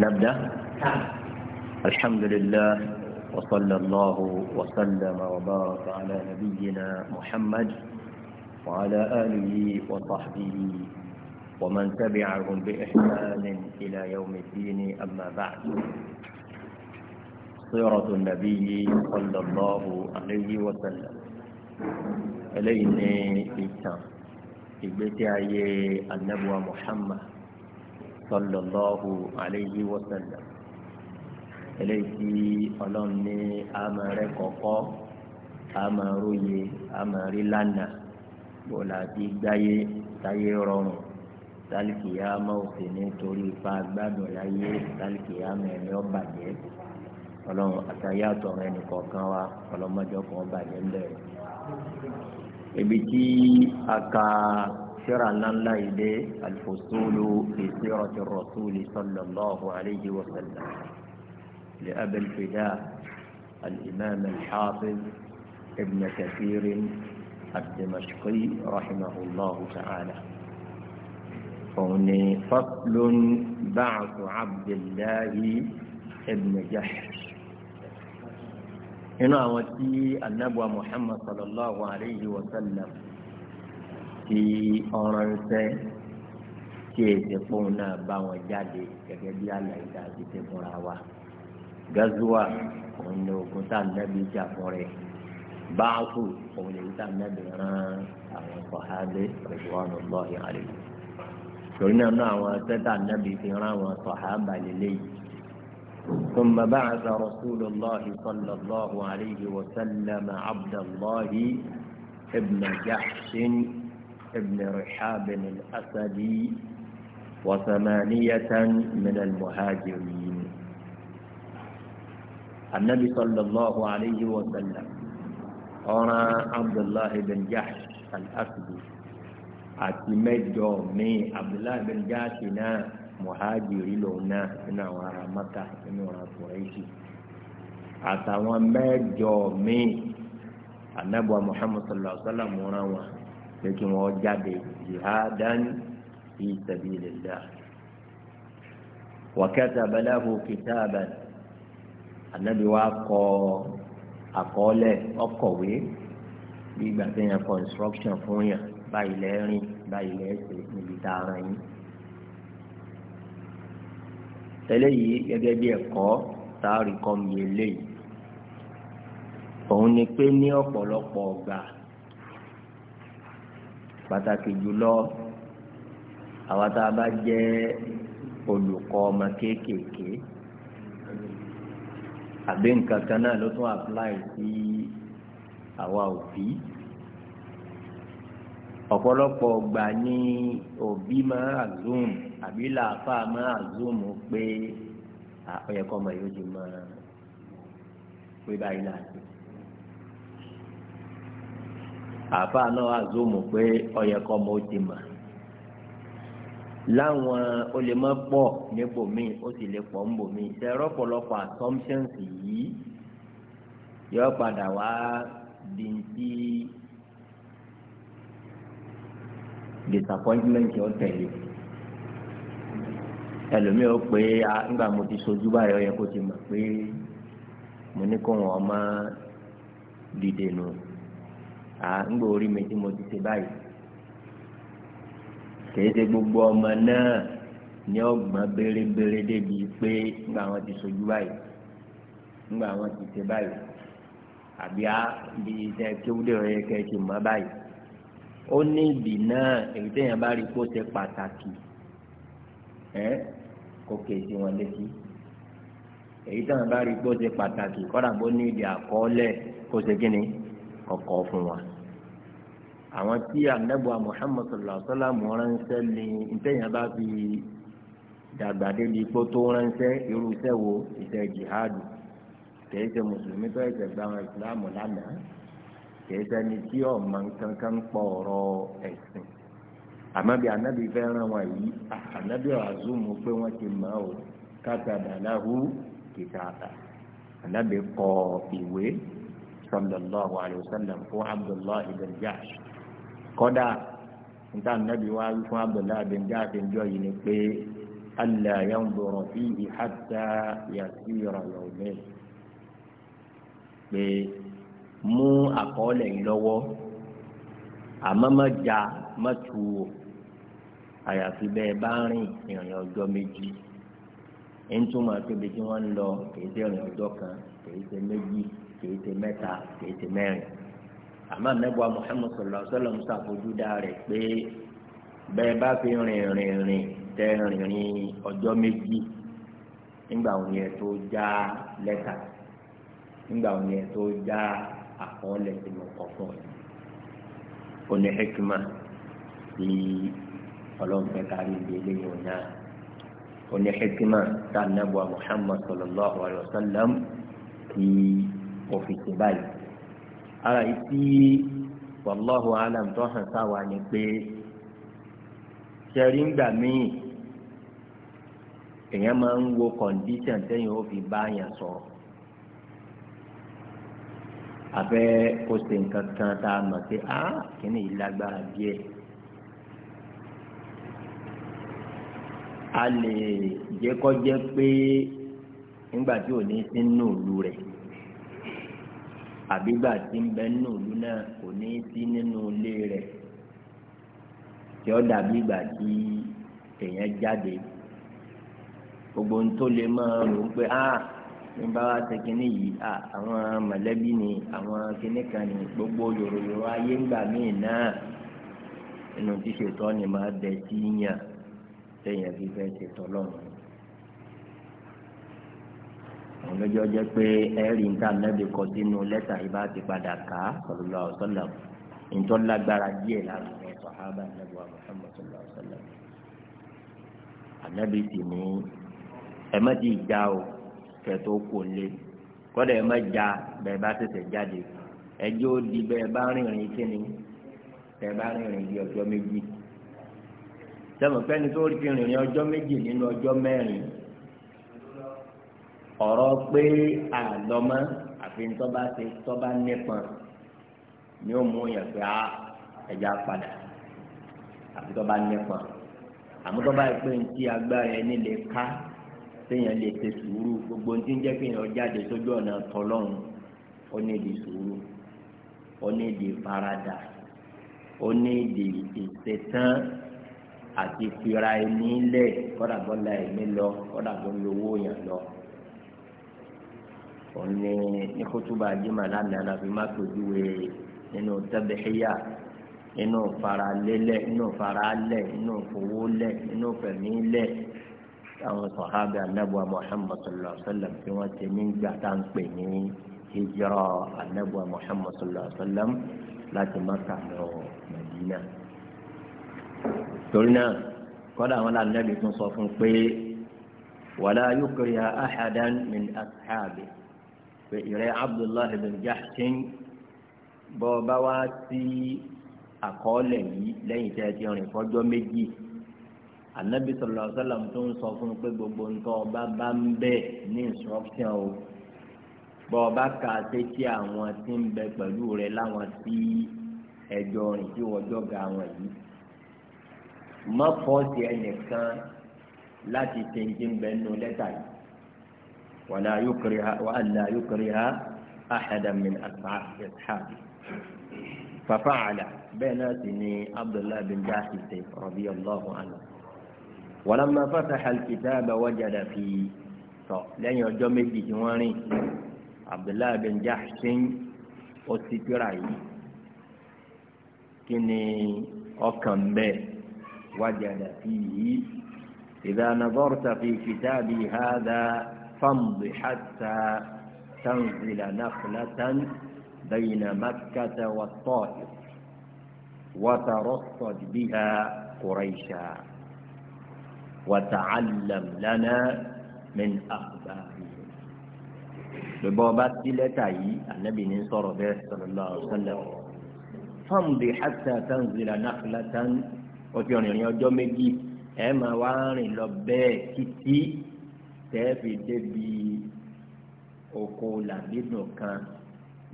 نبدأ نعم. الحمد لله وصلى الله وسلم وبارك على نبينا محمد وعلى آله وصحبه ومن تبعهم بإحسان إلى يوم الدين أما بعد سيرة النبي صلى الله عليه وسلم إلينا إتام إبتعي النبوة محمد sallallahu alayhi wa sallam eléyìí ọlọ́run ní àmọ́ rẹ kọ̀ọ̀kọ́ àmọ́ róye àmọ́ rí lánàá bó la ti gbáyé táyé rọrùn tálíkìyà máa ò sì ní torí ipa gbádùn láyé tálíkìyà mẹ́rin ọba jẹ́ ọlọ́run àtàyàtọ̀ ẹnì wa ọlọ́mọdé ọkàn ọba ń bẹ̀rẹ̀ ibi tí a ka. سيرة نان يدي الفصول في سيرة الرسول صلى الله عليه وسلم لأبي الفداء الإمام الحافظ ابن كثير الدمشقي رحمه الله تعالى فهني فصل بعث عبد الله ابن جحش هنا وتي النبوة محمد صلى الله عليه وسلم tí ọ̀ràn ń sẹ́ tí èsì pòun náà bá wọn jáde gẹ́gẹ́ bí àlàyé àti ti fúnra wa. gazuwa òun ni ogun tá a nẹ́bi jà fún rẹ̀ báàkù òun ni tá a nẹ́bi rán àwọn sọ̀hábẹ́ rẹ̀wọ́nù lọ́ọ̀yà rẹ̀. torí náà náà àwọn sẹ́tà nẹ́bi fi rán àwọn sọ̀hábà lélẹ́yìí. ثم بعث رسول الله صلى الله عليه وسلم عبد الله ابن جحش ابن رحاب الأسدي وثمانية من المهاجرين النبي صلى الله عليه وسلم أنا عبد الله بن جحش الأسدي أتمد مي عبد الله بن جحش مهاجرين لنا إنا ورمتا إنا ورمتا أتمد مي النبي محمد صلى الله عليه وسلم ورمتا pé kí wọ́n jáde jihadan fi sabilillah wa kataba lahu kitaban anabi wa kọ àkọọ́lẹ̀ ọkọ̀wé bí ìgbà tí yẹn kọ instruction fún yàn báyìí lẹ́rìn báyìí lẹ́sẹ̀ níbi tá a ràn yín tẹ́lẹ̀ yìí gẹ́gẹ́ bí ẹ̀kọ́ tá a mi eléyìí òun ni pé ní ọ̀pọ̀lọpọ̀ ọgbà pàtàkì jùlọ àwa tá a bá jẹ́ olùkọ́ ọmọ kéékèèké àbí nǹkan kan náà ló tún apply sí àwa òbí ọ̀pọ̀lọpọ̀ ọgbà ní òbí máa àzùm àbí làáfà máa àzùm pé ọ̀yẹ̀kọ́ ọmọ yóò ti máa pé báyìí láti àfa náà àzómù pé ọyẹ kọ́ mọ́ ó ti mà láwọn ó lè má pọ̀ níbòmíì ó sì lè pọ̀ níbòmíì ṣẹ̀rọ pọ̀lọpọ̀ assumptions yìí yọ padà wá di ti disappointment yọ tẹ̀lé ẹlòmíì ó pé nígbà mo ti sojú báyọ̀ yẹ kó ti mọ̀ pé mo ní kó wọn ọmọ dìde nù. No à ń gbọ́ orí mi tí mo ti ṣe báyìí kìí ṣe gbogbo ọmọ náà ní ọgbọ́n bérebére débi pé ńgbà wọn ti sojú báyìí ńgbà wọn ti ṣe báyìí àbí á bí iṣẹ́ kéwúdé rẹ̀ kẹ́ ṣe mọ́ báyìí ó ní ibì náà èyí téèyàn bá rí kó ṣe pàtàkì ẹ kó kéèṣì wọn létí èyí téèyàn bá rí kó ṣe pàtàkì kọ́dà bó ní ìdí àkọọ́lẹ̀ kó ṣe kí ni ọkọ fún wa àwọn tí anabuwa muhammad sallallahu alaihi wa sallam ránṣẹ́ ní ntẹ̀yìn bá fi dàgbà débi kó tó ránṣẹ́ irú iṣẹ́ wo iṣẹ́ jihadu kìí ṣe mùsùlùmí tó ẹsẹ̀ gba àwọn ìsìláàmù lánàá kìí ṣẹni tí ọ̀mọ kankan pọ̀ ọ̀rọ̀ ẹ̀sìn àmọ́ bí anábì fẹ́ ràn wọ́n yìí anábì azumu pé wọ́n ti mọ̀ ọ́ kátàdàláhu kìtàbà anábì kọ ìwé sallallahu alayhi wa sallam fún abdullahi bin jash kọ́dà níta nàbí wá fún abdullahi bin jash ìjọ yìí ni pé allah yẹn bọ̀rọ̀ sí ìhàtà yàtí ìrọ̀ yọ̀ọ̀mẹ́ pé mú àkọọ́lẹ̀ yìí lọ́wọ́ àmọ́ má ja má tu o àyàfi bẹ́ẹ̀ bá rìn ìrìn ọjọ́ méjì ń túmọ̀ síbi tí wọ́n ń lọ kì kan kì í ṣe kìí ti mẹ́ta kìí ti mẹ́rin àmọ́ Muhammad sọlọ sọlọ musa fojú dá rẹ̀ pé bẹ́ẹ̀ bá fi rìn rìn rìn tẹ́ rìn rìn ọjọ́ méjì nígbà wọn yẹn tó já lẹ́tà nígbà wọn yẹn tó já àkọọ́lẹ̀ tí mo kọ fún ẹ hekima tí ọlọ́mọfẹ́ kárí ìdílé yìí náà o hekima tá nẹ́bùa Muhammad sọlọ lọ́wọ́ àlọ́ sọlọ́m kìí ọ̀fìsì báyìí ara yìí tí wàlláhu alam tó hàn sáwa ni pé ṣẹ́rí ń gbà míì èèyàn máa ń wo condition tẹ́yìn ó fi bá yàn sọ̀rọ̀ abẹ́ kó ṣe nǹkan kan tá a mọ̀ sí a kìíní yìí lágbára díẹ̀ a lè jẹ́ jẹ́ pé nígbà tí ò ní sínú ìlú rẹ̀ àbígbà tí ń bẹ nínú ìlú náà kò ní í sí nínú ilé rẹ̀ tí ó dàbí ìgbà tí èèyàn jáde gbogbo ń tó lè máa rò ó pé ah ní bá wa ṣe kínní yìí ah àwọn mọ̀lẹ́bí ni àwọn kínní kan ní gbogbo yòròyòrò ayé ńgbà míì náà inú tí ni máa bẹ sí yàn téèyàn fi fẹ́ ṣètọ́ lọ́rùn àwọn méjì ọjọ́ pé ẹ̀rí nǹkan anábì kọ sínú lẹ́tà yìí bá ti padà ká sallallahu alaihi wasallam ntọ́ lágbára díẹ̀ lára ẹ̀ sọ̀hábà anábì wa Muhammad sallallahu alaihi wasallam anábì sì ní ẹ má ti já o kẹtó kò lé kọ́dà ẹ má já bẹ́ẹ̀ bá tẹ̀sẹ̀ jáde ẹjọ́ di bẹ́ẹ̀ bá rìnrìn kíni bẹ́ẹ̀ bá rìnrìn di ọjọ́ méjì sẹ́mi pẹ́ni tó ti ọ̀rọ̀ pé àlọ́mọ́ àfi tọ́ba ṣe tọ́ba nípọn ni ó mú yàn pé á ah, ẹja padà àfi tọ́ba nípọn àmọ́ tọ́ba yìí pé ntí agbára ẹni lè ká téèyàn lè ṣe sùúrù gbogbo ntí ń jẹ́ kéèyàn jáde sójú ọ̀nà tọ́lọ́run ó ní ìdí sùúrù ó ní ìdí faradà ó ní ìdí ìṣetán àti fira ẹni lẹ̀ kọ́dà ẹni lọ kọ́dà owó yàn lọ òun ní ní kótóbá jimá lánàá láfi má tójúwe nínú tẹ́bẹ̀ẹ́yà nínú faralélẹ̀ nínú faralẹ̀ nínú fowólẹ̀ nínú fẹ̀mílẹ̀ àwọn sọ̀hábẹ́ anábùwà Muhammad sallallahu alayhi wa sallam tí wọ́n ti ní gbà tá à ń pè ní hijira anábùwà Muhammad sallallahu alayhi wa sallam láti Mákà lọ Mẹdínà. torí náà kọ́dà àwọn anábì tún sọ fún pé wàlá yukriha ahadan min ashabihi pé ìrẹ́ abdullahi bin jahshin bọ́ ọ bá wá sí àkọọ́lẹ̀ yìí lẹ́yìn tẹ́ ẹ ti rìn fọ́jọ́ méjì anabi sallallahu alaihi wasallam tó ń sọ fún un pé gbogbo nǹkan ọba bá ń bẹ ní instruction o bọ́ bá kà á sétí àwọn tí ń bẹ pẹ̀lú rẹ láwọn tí ẹjọ́ rìn tí wọ́jọ́ ga wọn yìí mọ́ fọ́ọ̀sì ẹnìkan láti ṣe ń dín bẹ́ẹ̀ lẹ́tà yìí. ولا يكره لا يكره أحدا من أصحابه ففعل بناتني عبد الله بن جاحش رضي الله عنه ولما فتح الكتاب وجد فيه لن يرجم الجواني عبد الله بن جاحش وستيراي كني أكم به وجد فيه إذا نظرت في كتابي هذا famdi hatta tanzila nakhlatan bayna makkata wa ta'if wa tarassad biha quraisha wa ta'allam lana min akhbarihim bẹ́ẹ̀ bá ti lẹ́tà yìí ànábì ní sọ̀rọ̀ bẹ́ẹ̀ sallallahu alaihi wasallam famdi hatta tanzila nakhlatan ó ti rìnrìn ọjọ́ méjì ẹ̀ máa wá rìn lọ bẹ́ẹ̀ títí tẹ́ẹ̀fì débi oko làbínú kan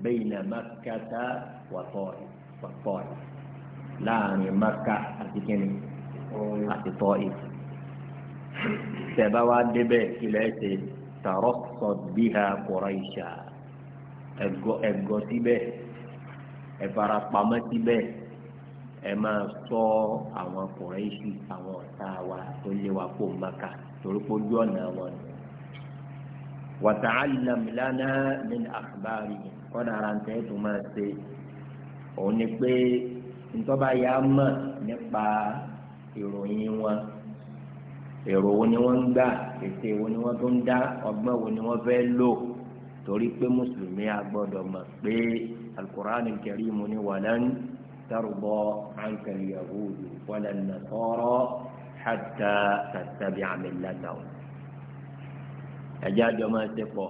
bẹ́yìn makata wàtọ́ọ̀ láàrin maka àti kínní àti tọ́ọ̀ tẹ̀bá wa débẹ̀ ilẹ̀ ṣe tàrọ́sọ̀ bíhà kùráìṣà ẹ̀gọ́ síbẹ̀ ẹ̀farapamọ́ síbẹ̀ ẹ máa sọ àwọn kùráìṣì àwọn ọ̀tá wa tó lé wa kó maka torí pé ojú ọ̀nà wọn ni. وتعلم لنا من àkàbárì kọ́dà ara ń tẹ́ tó máa ṣe òun ni pé ntọ́ba yà á mọ̀ nípa ìròyìn wọn èrò wo ni wọ́n ń gbà ètè wo ni wọ́n tó ń dá ọgbọ́n wo torí pé mùsùlùmí a gbọ́dọ̀ pé alukur'an karim ni walan tarda anka al-yahudu walan nasara hatta tattabi'a millatahum ẹ̀já jọ máa ṣe pọ̀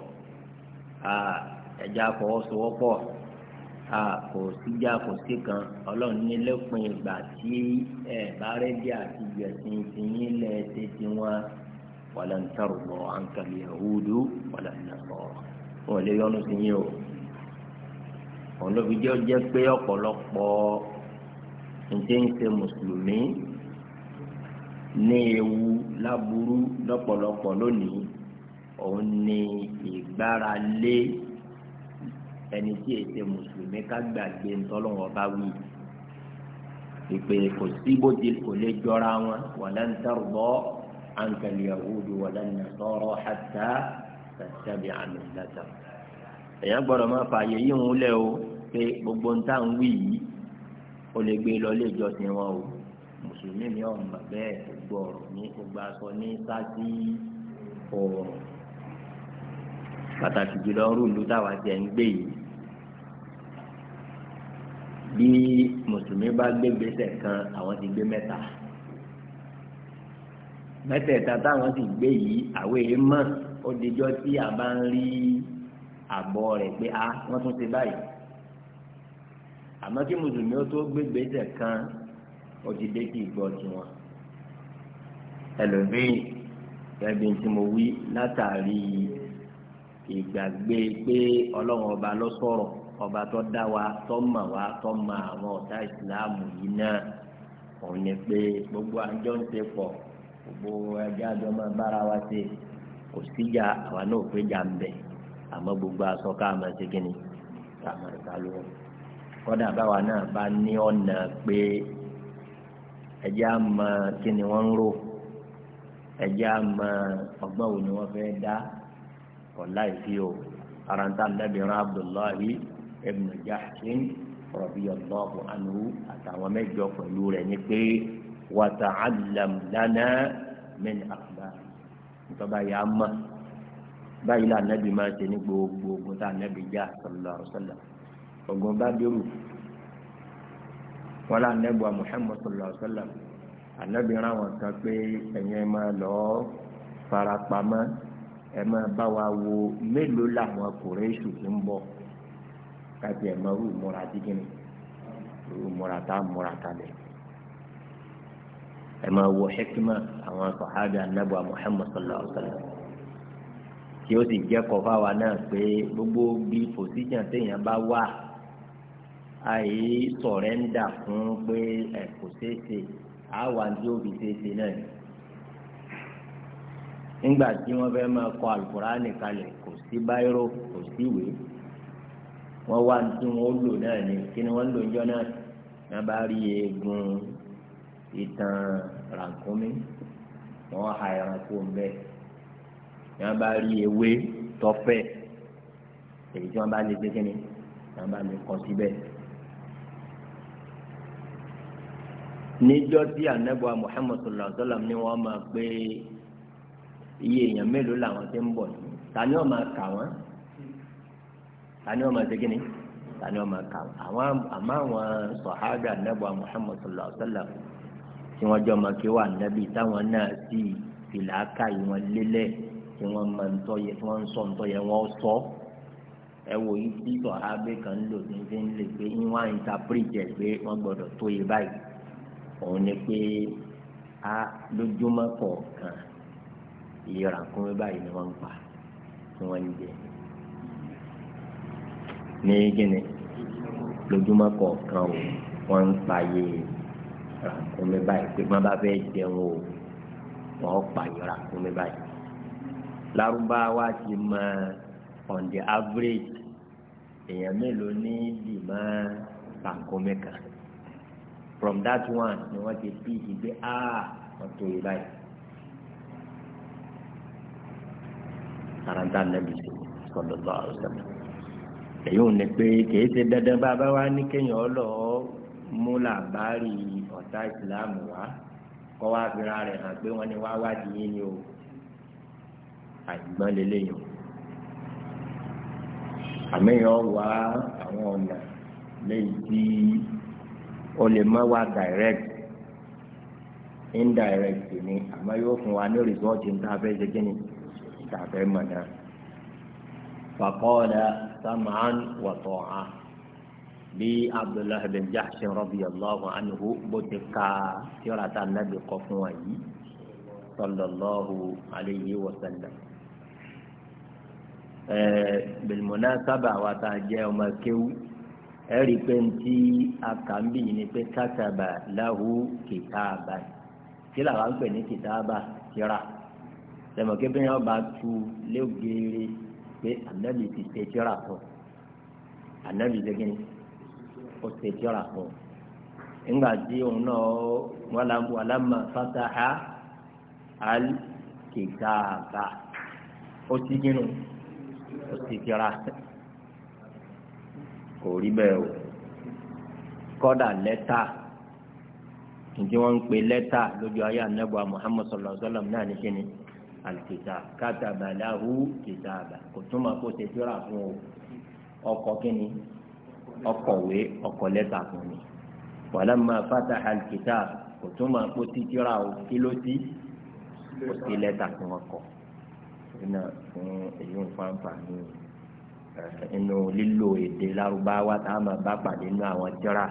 ẹ̀já fọwọ́sowọ́pọ̀ kò síjà kò sí kan ọlọ́run ní lẹ́pin ìgbà tí ẹ̀ bá rẹ́dí àti ìgbẹ̀sìn tìyín lẹ̀ ṣe ti wọn wàlẹ̀ ń tẹ̀rù bọ̀ àǹkàlì ẹ̀húdú wàlẹ̀ ń nàbọ̀ wọn lè yọnu sí yín o òun ló jẹ́ jẹ́ pé ọ̀pọ̀lọpọ̀ ǹjẹ́ ń ṣe mùsùlùmí ní ewu láburú lọ́pọ̀lọpọ̀ lónìí òun ni ìgbára lé ẹni tí èsè mùsùlùmí ká gbàgbé ntọ́lọ́wọ́ bá wí ìpè kò sí bó ti kò lè jọra wọn walan tarda anka al-yahudu walan nasara hatta tattabi'a millatahum. èèyàn gbọ́dọ̀ máa fààyè yìí ń lẹ̀ o pé gbogbo ntá ń wí yìí ó lè gbé lọ ilé ìjọsìn wọn o mùsùlùmí mi ò mọ̀ bẹ́ẹ̀ gbọ́ ní gbogbo aṣọ ní sáà sí pàtàkì jùlọ ń rúlu táwa jẹ ń gbé yìí bí mùsùlùmí bá gbé gbèsè kan àwọn ti gbé mẹ́ta mẹ́tẹ̀ẹ̀ta táwọn ti gbé yìí àwọn èyí mọ̀ ó dijọ́ tí a bá ń rí àbọ̀ rẹ̀ pé a ah, wọ́n tún ti báyìí àmọ́ kí mùsùlùmí ó tó gbé kan ó ti dé kí ìgbọ́ tiwọn ẹlòmíì gẹ́gẹ́ tí mo wí látàrí ìgbàgbé pé ọlọ́run ọba ló sọ̀rọ̀ ọba tó dá wa tó mà wá tó mà àwọn ọ̀tá ìsìláàmù yìí náà òun ni pé gbogbo àjọ ń ṣe pọ̀ gbogbo ẹgbẹ́ àjọ máa bára wa ṣe kò síjà àwa náà péjà ń bẹ̀ àmọ́ gbogbo aṣọ ká máa ṣe kíni ká máa ta ló wọn. kọ́dà báwa náà bá ní ọ̀nà pé ẹjẹ́ á mọ kíni wọ́n ń rò ẹjẹ́ á mọ ọgbọ́n wo wọ́n fẹ́ dá wàláì sí o aranta lẹ́bìnrin abdullahi ibn jahshin radiyallahu anhu àtàwọn mẹ́jọ pẹ̀lú rẹ̀ ni pé wa ta'allam lana min akhbari nítorí báyìí a mọ̀ báyìí là nẹ́bí máa ṣe ní gbogbo ogun tá nẹ́bí já sallallahu alaihi wasallam ogun bá dérò wọn là nẹ́bí wa muhammad sallallahu alaihi wasallam ànẹ́bí kan pé ẹ̀yin máa lọ́ọ́ farapamọ́ ẹ máa bá wa wo mélòó làwọn kòrèṣù ti ń bọ̀ kájí ẹ máa rú múra dígínì rú múra tá múra kalẹ̀ ẹ máa wo hekima àwọn sọ̀hábì anábọ̀ Muhammad sallallahu alaihi wa sallam tí ó sì jẹ́ kọ́ fáwa náà pé gbogbo bí pòsíṣàn téèyàn bá wà àyè sọ̀rẹ́ńdà fún pé ẹ̀ kò ṣeé àwa tí ó fi ṣeé náà ni nígbà tí wọ́n fẹ́ máa kọ alukurani kalẹ̀ kò sí báyìrò kò sí ìwé wọ́n wá tí wọ́n lò náà ni kí ni wọ́n lò níjọ́ náà náà bá rí eegun ìtàn ràkúnmí wọ́n ha ẹranko mbẹ náà bá rí ewé tọfẹ èyí tí wọ́n bá lè gbé kíni náà bá lè kọ síbẹ̀. níjọ́ tí anabuwa muhammadu sallallahu ni wọ́n máa gbé iye èèyàn mélòó làwọn ti ń bọ̀ tani ọ̀ máa kà wọ́n tani ọ̀ máa ṣe kíni tani ọ̀ máa kà wọ́n àwọn àmọ́ àwọn nẹ́bù Muhammad sallallahu alaihi wasallam tí wọ́n jọ máa kí wà nẹ́bí táwọn náà sì fìlà ká ìwọ̀n lélẹ̀ tí wọ́n máa ń tọ́ yẹ tí wọ́n ń sọ ń tọ́ yẹ wọ́n sọ ẹ wò yí tí sọ̀hábẹ́ kan lò ní fi ń lè pé ń wá ìntàpírìtì pé wọ́n gbọ́dọ̀ tó yẹ báyìí òun ni pé a lójúmọ́ kọ̀ọ̀kan ìlera kún mi báyìí ni wọ́n ń pa tí wọ́n ń jẹ ní gíní lójúmọ́ kọ̀ọ̀kan o wọ́n ń pa yé ràkún mi báyìí pé wọ́n bá fẹ́ jẹun o wọ́n pa yé ràkún mi báyìí lárúbáwá ti mọ on the average èèyàn mélòó ní dìmọ́ ràkún mi kan from that one ni wọ́n ti fi ìgbé a wọ́n tó yé báyìí. àràǹtà nàbì sallallahu alaihi èyí ò ní pé kìí ṣe dandan bá bá wá ní kéèyàn ọlọ mú làbárì ọ̀tá ìsìláàmù wá kọ́ wá fira rẹ̀ hàn pé wọ́n ni o àìgbọ́n lélẹ́yìn o àmẹ́yàn wá àwọn ọ̀nà lẹ́yìn tí o lè má wá direct indirect ni àmọ́ yóò fún wa ní ní tàbẹ́ mọ̀ náà. فقال سمعا وطاعة bí abdullahi bin jahsh radiyallahu anhu bó ti ka tíra ta nabi kọ fún wa yìí sallallahu alayhi wa sallam. ẹẹ bilmunasaba wa ta jẹ ọmọ kéwú ẹrí pé ntí akambi yìí ni pé kataba lahu kìtaaba kí làwọn pè ní kìtaaba tíra. sẹmọ kébé yẹn bá tu lẹ́gbẹ̀ẹ́ pé anabi ti ṣe tíra fún anabi dẹ́gẹ́ ni ó ṣe tíra fún tí òun náà fataha al ó ti gínú ó ti tíra kò rí bẹ́ẹ̀ o kọ́dà lẹ́tà wọ́n ń pe lẹ́tà lójú ayé anábọ̀ Muhammad sallallahu alaihi alkitab kataba lahu kitaba kò túmọ̀ kó ṣe tíra fún o ọkọ̀ kínní ọkọ̀wé ọkọ̀ lẹ́tà fún mi walamma fataha alkitab kò túmọ̀ kó ti tíra o kí ló ti kò sí lẹ́tà fún ọkọ̀ iná fún èyí ń fa nfààní eh, inú lílo èdè lárúbáwá tá a máa bá pàdé nínú àwọn tíra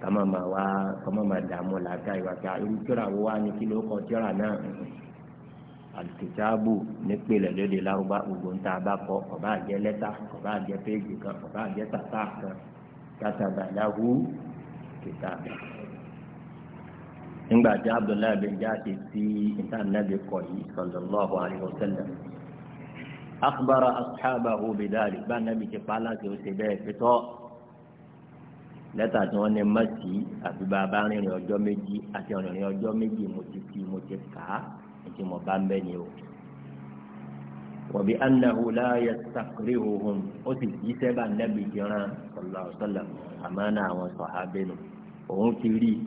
kàmá máa wá kàmá máa dààmú làákàyè wá irú tíra wo wá ní kí ló kọ tíra náà alikitaabu nípìnlẹ̀ lóde lárúbá gbogbo ń ta bá kọ ọba àjẹ lẹ́tà ọba àjẹ péjì kan ọba àjẹ tàtà kan kátàbà lahu kìtàbà. nígbà tí abdullahi bin jaasi ti ìtànàbí kọ yìí sallallahu alayhi wa sallam akbara asxaabahu bidaali bá nàbí ti pa aláàkì ó ti bẹ́ẹ̀ fitọ́ lẹ́tà tí wọ́n ní mọ́tì àfi bàbá rìnrìn ọjọ́ méjì àti rìnrìn ọjọ́ méjì mo ti fi mo ti kà á ètí mo bá ń bẹ́ ni o. wọ̀bí anahu láàyè sàkúrì òhun ó sì yí sẹ́bà nẹ́bi jìran sallallahu alaihi wasallam àmánà àwọn sọ̀hábẹ́nu òun ti rí i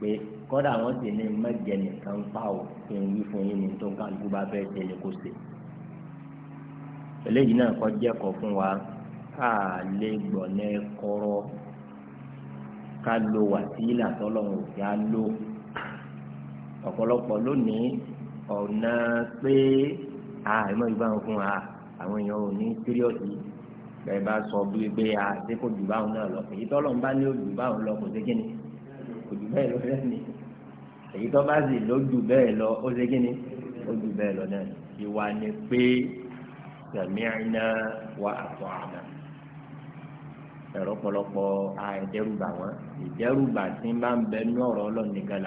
pé kọ́dà àwọn sì ní mẹ́jẹ nìkan pa ò kí n wí fún yín ní tó ń bá fẹ́ ṣe ni kò ṣe. eléyìí náà kọ́ jẹ́kọ̀ọ́ fún wa ká lè gbọ̀nẹ́ kọ́rọ́ ká lo wàsílà tọ́lọ́run òkè á lò ọ̀pọ̀lọpọ̀ lónìí ọ̀nà pé àìmọ̀ ìbá ń fún wa àwọn èèyàn ò ní síríọ̀sì bẹ́ẹ̀ bá sọ bí pé àti kò jù báwọn náà lọ èyí tọ́lọ̀ ń bá ní òjù báwọn lọ kò sí ni. kò jù bẹ́ẹ̀ lọ lẹ́nu èyí tọ́ bá sì lójú bẹ́ẹ̀ lọ ó sí kíni ó jù bẹ́ẹ̀ lọ náà ìwà ni pé sami'na wa ata'na ẹ̀rọ pọ̀lọpọ̀ àìdẹ́rùbà wọn ìdẹ́rùbà tí ń bá ń bẹ ní ọ̀rọ̀ ọlọ́ọ̀nìkan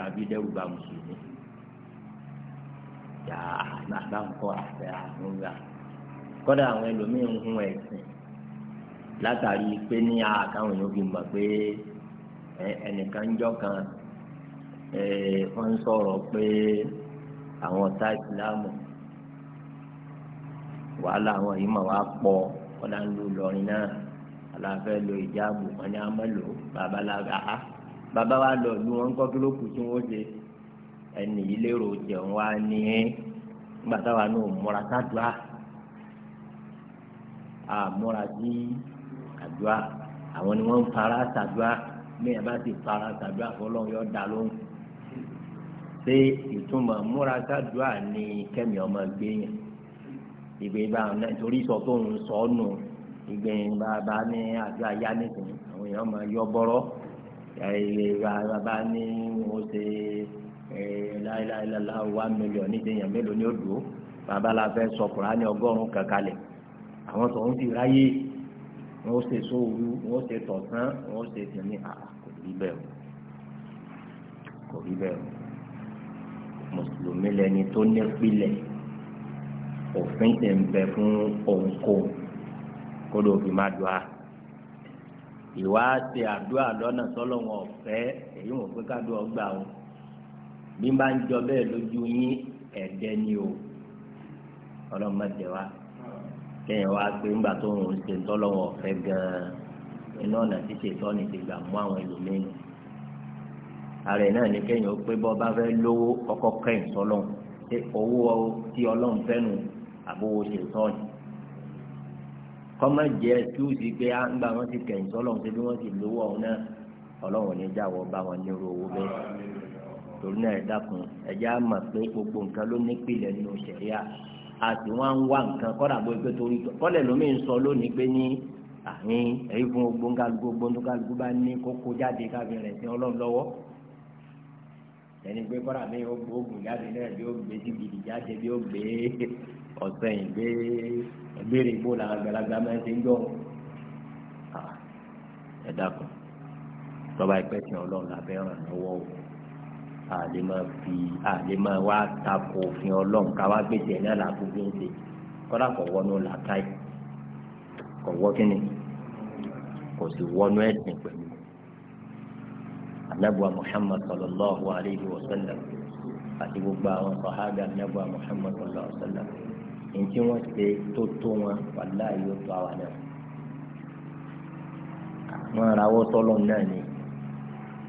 àdá bàbá nǹkan àṣẹ àmúra kọ́dà àwọn ẹlòmíì ń hun ẹ̀sìn látàrí pé ní àtàwọn èèyàn fi mọ̀ pé ẹnìkan ń jọ́ kan wọ́n ń sọ̀rọ̀ pé àwọn ọ̀tá ìsìláàmù wàhálà àwọn yìí mà wá pọ̀ kọ́dà ń lu Ìlọrin náà aláfẹ́ lo ìjáàbù wọn ni a mọ̀ lò bàbá la bàbá wa lọ lu wọn kọ́ kí ló kù tí wọ́n ṣe ẹni yìí lérò jẹun wá ní nígbà táwa náà múra sádùá àmúra sí àdùá àwọn ni wọ́n ń fara sádùá mẹ́yà bá ti fara sádùá fọlọ́run yọ dá lóhùn ṣé ìtumọ̀ múra sádùá ni kẹ́mi ọmọ gbé yẹn ìgbé bá torí sọ tó ń sọ nù ìgbé bàbá ní àdúrà yá nísìnyí àwọn èèyàn máa yọ bọ́rọ́ ìgbé bàbá ní mo ṣe. Eh, láìláìlá one million níjẹyàn mélòó ni ó dùn ó bàbá la fẹ́ sọ Kùránì ọgọ́rùn-ún kankalẹ̀ àwọn tó ń ti ráyè wọn ó ṣe sóoru wọn ó ṣe tọ̀sán wọn ó ṣe tìǹbì ah, ah, kò rí bẹ́ẹ̀ o kò rí bẹ́ẹ̀ o mùsùlùmí lẹni tó ní pilẹ̀ òfin ti ń bẹ fún ohunkóhun kó ló fi má dùn á ìwà ṣe àdúrà lọ́nà sọ́lọ́wọ́n ọ̀fẹ́ èyí wọ́n pé ká dùn ọgbà o bí máa ń jọ bẹ́ẹ̀ lójú yín ẹ̀dẹ́ ni o ọlọ́mọdé wa kẹ́yìn wá pé ńgbà tó ń ṣe tọ́lọ́wọ́ ọ̀fẹ́ gan-an iná ọ̀nà tí ṣètọ́ ni ti gbà mú àwọn ẹlòmíín ààrẹ náà ní kẹ́yìn ó pé bọ́ bá fẹ́ lówó ọkọ̀ kẹ́yìn sọ́lọ́n ṣé owó tí ọlọ́run fẹ́nu àbówó ṣètọ́ ni kọ́mọ jẹ́ túùsì pé á ah, ń gbà wọ́n ti kẹ́yìn sọ́lọ́n ṣé bí wọ́n ti lówó ọ̀hún náà ọlọ́run ní jáwọ́ bá wọn nírú owó bẹ́ẹ̀ torí náà ẹ dákun ẹ̀jẹ̀ á mọ̀ pé gbogbo nǹkan ló nípìlẹ̀ nínú ṣẹ̀ríà àti wọn ń wá nǹkan kọ́dà bó pé torí kọ́lẹ̀ lómi ń sọ lónìí pé ní àyín èyí fún gbóngàlùkù gbóngàlùkù bá ní kókó jáde káfíńrẹ̀ sí ọlọ́run lọ́wọ́ ẹni pé kọ́dà mi ò gbóògùn jáde náà bí ó gbé síbìdì jáde bí ó gbé ọ̀sẹ̀ ìgbé ìbéèrè ìbò làwọn àgbàlagbà máa ń ṣe ń jọ ẹ dákun tọ́ba ìpẹ́sìn ọlọ́run làbẹ́ràn lọ́wọ́ o àlè máa fi àlè máa wá takò òfin ọlọ́run ká wá gbèsè náà làákú bí ń ṣe kọ́lá kọ̀ wọnú làákàyè kọ̀ wọ́ kínní kò sì wọnú ẹ̀sìn pẹ̀lú anabuwa muhammad sallallahu alayhi wa sallam àti gbogbo àwọn sọ̀hádà anabuwa muhammad sallallahu alayhi wa sallam ntí wọ́n ṣe tó tó wọn wàláyé ó tó àwọn náà wọ́n rawọ́ sọ́lọ́ náà ni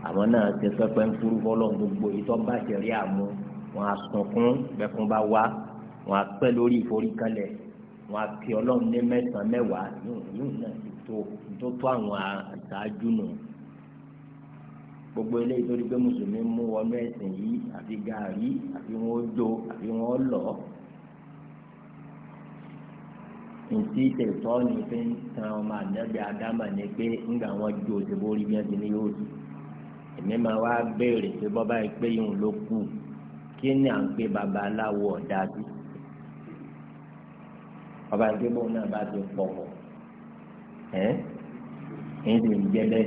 àwọn náà ti sọpẹ́ ń kúrú fọlọ́ gbogbo ìtọ́ bá ṣẹ̀rí àmú wọn á sunkún bẹ́kún bá wá wọn á pẹ́ lórí ìforíkalẹ̀ wọn á kí ọlọ́run ní mẹ́sàn-án mẹ́wàá yóò náà ti tó tó tó àwọn àṣáájú nù gbogbo eléyìí tó di pé mùsùlùmí mú wọnú ẹ̀sìn yìí àfi gàárì àfi wọn ó do àfi wọn ó lọ ntí tẹ̀tọ́ ni fi ń tan ọmọ àdẹ́gbẹ́ adámà ni pé ńgbà wọn jó òṣèbó orí bí wọn ti ní yóò dùn èmi máa wá béèrè pé bọ́bá yìí pé yìí ló kù kí ni à ń pè babaláwo ọ̀dà bí bàbá yìí pé náà bá ti pọ̀ pọ̀ ẹ́ ń sì ń jẹ́ bẹ́ẹ̀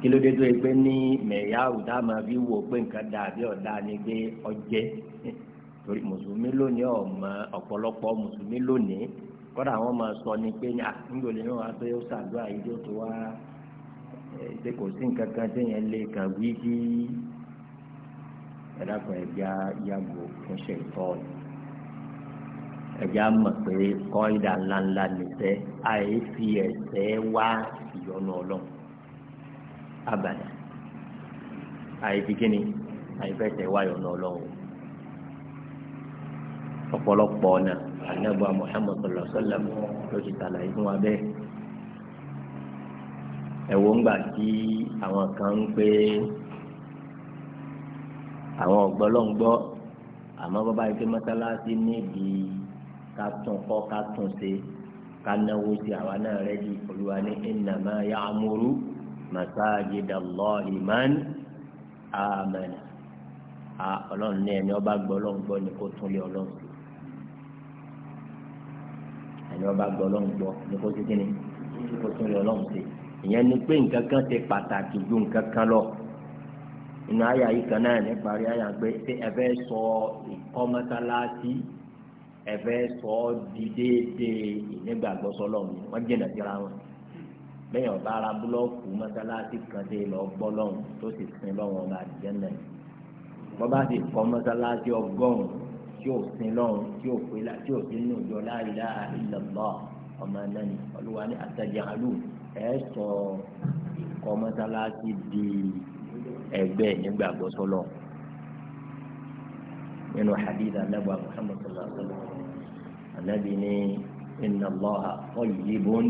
kí ló dé tó yẹ pé ní mẹ̀yàwó tá a máa fi wò pé nǹkan dàbí ọ̀dà ni pé ọjẹ́ torí mùsùlùmí lónìí ọmọ ọ̀pọ̀lọpọ̀ mùsùlùmí lónìí kọ́dà àwọn máa sọ ni pé ní àtúndò lè ní wọn á pé ó ṣàdúrà yìí tó tó wá pé kò sí nǹkan kan téèyàn lè kà wí kí ẹ̀dàkùn ẹ̀já yàgò fún ṣèǹtọ́ọ̀nù ẹ̀já mọ̀ pé kọ́ ìdá ńláńlá nìṣẹ́ àì fi ẹ̀ṣẹ̀ wá ìyọnu ọlọ́run abàdà àì fi kíni àì fẹsẹ̀ wá ìyọnu ọlọ́run ọ̀pọ̀lọpọ̀ ọ̀nà ànábọ̀ Muhammad sallallahu alaihi wasallam ló ti tàlàyé wa bẹ́ẹ̀ ẹ̀wọ̀n gbà tí àwọn kan ń pé àwọn ọ̀gbọ́lọ́ngbọ́ àmọ́ bàbá yìí pé mọ́sálásí níbi ká tún kọ́ ká tún ṣe ká náwó sí àwa náà rẹ́dí olúwa ní innama ya'muru masajida Allahi man amana a ọlọ́run ní ẹni ọba gbọ́lọ́ngbọ́ ni kó tún lé ọlọ́run sí ẹni ọba gbọ́lọ́ngbọ́ ni kó tún ni kó tún lé ọlọ́run sí ìyẹn ni pé nǹkan kan ti pàtàkì ju nǹkan kan lọ inú àyà yìí kan náà ní parí àyà pé ṣé ẹ fẹ́ sọ ìkọ́ mọ́sálásí ẹ fẹ́ sọ ọ́ di déédéé ìnígbàgbọ́ sọlọ́ mi wọ́n jìnnà síra wọn bẹ́ẹ̀ ọba ara búlọ́ọ̀kù mọ́sálásí kan tẹ́ lọ gbọ́ lọ́hùn tó sì sin lọ́hùn ọba àdìjẹ́nà bọ́bá sì kọ́ mọ́sálásí ọgọ́rùn tí ò sin lọ́hùn tí ò pé tí ò sínú ìjọ la ilaha illallah ọmọ náà ni olúwa ní àtàjà alùpùpù ẹ sọ ìkọ́ mọ́sálásí di ẹgbẹ́ nígbàgbọ́ sọlọ nínú hadith anábọ̀ muhammad sallallahu Alaihi wa sallam anábì ní inna Allah tayyibun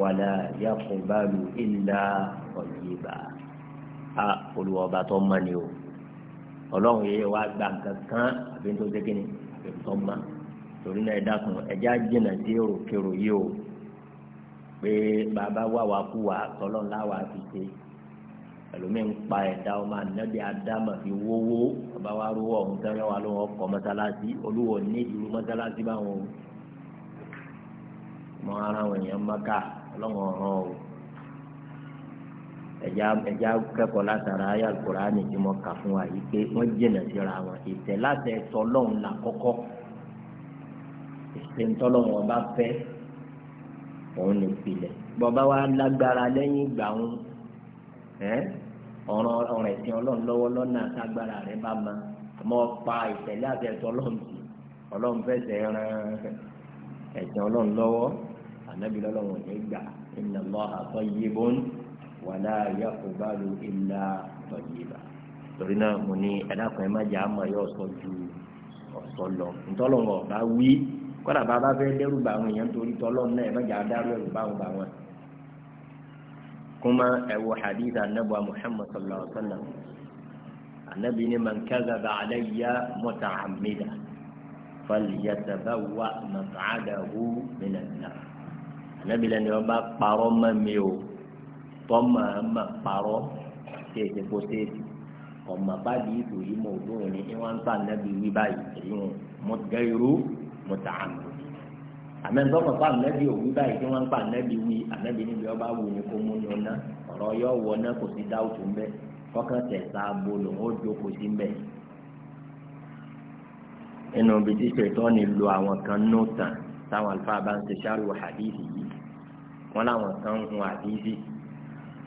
wala yaqbalu illa tayyiba a olùwọ́ba tó mọ́ ni o ọlọ́run yìí wá gba nǹkan kan àbí tó ṣe kí ni àbí tó mọ́ torí náà ẹ dákun ẹ já jìnnà sí èrò kèrò yìí o pé bàbá wà wá kú wà tọ́lọ́ ńlá wà fi ṣe ẹlòmíín pa ẹ̀dá ọmọ ànábì ádámà fi wówó bàbá wa rówó ọ̀hún tẹ́lẹ̀ wà ló wọ́n kọ́ mọ́sálásí olúwo ní ìlú mọ́sálásí báwọn o mọ ara wọn èèyàn mọ́ká ọlọ́wọ́n ọ̀ràn o ẹ̀já kẹ́kọ̀ọ́ látara ayé Al-Kùránì tí mo kà fún wa yìí pé wọ́n jìnà síra wọn ìtẹ̀ láti ẹ̀tọ́ ọlọ́run ọba fẹ́ òun ní ìpìlẹ̀ bọ́ba wa lágbára lẹ́yìn ìgbà òun ọ̀ràn ọ̀ràn ẹ̀sìn ọlọ́run lọ́wọ́ lọ́nà àtàgbára rẹ̀ bá ma àmọ́ pa ìtẹ̀lé àti ẹ̀tọ́ ọlọ́run sí ọlọ́run fẹsẹ̀ ran ẹ̀sìn ọlọ́run lọ́wọ́ ànábì lọ́lọ́run ò ní gbà inna Allaha tayyibun wala yaqbalu illa tayyiba torí náà mo ní ẹ̀dá kan ẹ má jẹ́ àmọ́ yóò sọ ju ọ̀sọ́ lọ ntọ́lọ́run ọ̀gá wí kọ́dà bàbá fẹ́ dẹ́rù bá àwọn èèyàn torí tọ́lọ́mù náà ẹ̀mẹ́jà dárú ẹ̀rù báwọn bá wọn. kuma ẹ̀wọ̀ hadith anabu muhammad sallallahu alaihi wa sallam anabi ni man kadhaba alayya muta'ammida falyatabawa maq'adahu minan nar anabi lẹni wọn bá parọ́ mọ́ mi o tọ́mọ̀ mọ̀ parọ́ ṣe é kó ṣe ọmọ bá di ìtò yìí òdòrò ni wọn ń anabi wí báyìí èyí wọn mọ̀ gẹ́rù mọ̀tà àmì àmẹ́ńtọ́ mọ̀ fún ànẹ́bí òwú báyìí tí wọ́n ń pa ànẹ́bí wí ànẹ́bí níbi ọba wù ní kó mú lọ ná ọ̀rọ̀ yọ wọ ná kò sí dáwùtù ń bẹ́ fọ́kàn tẹ̀sà bo lòun ó jókòó sí ń bẹ̀. inú ibi tí ṣètò ni lo àwọn kan nù tàn táwọn àlùfáà bá ń ṣe ṣáàrù hadithi yìí wọ́n láwọn kan ń hun hadithi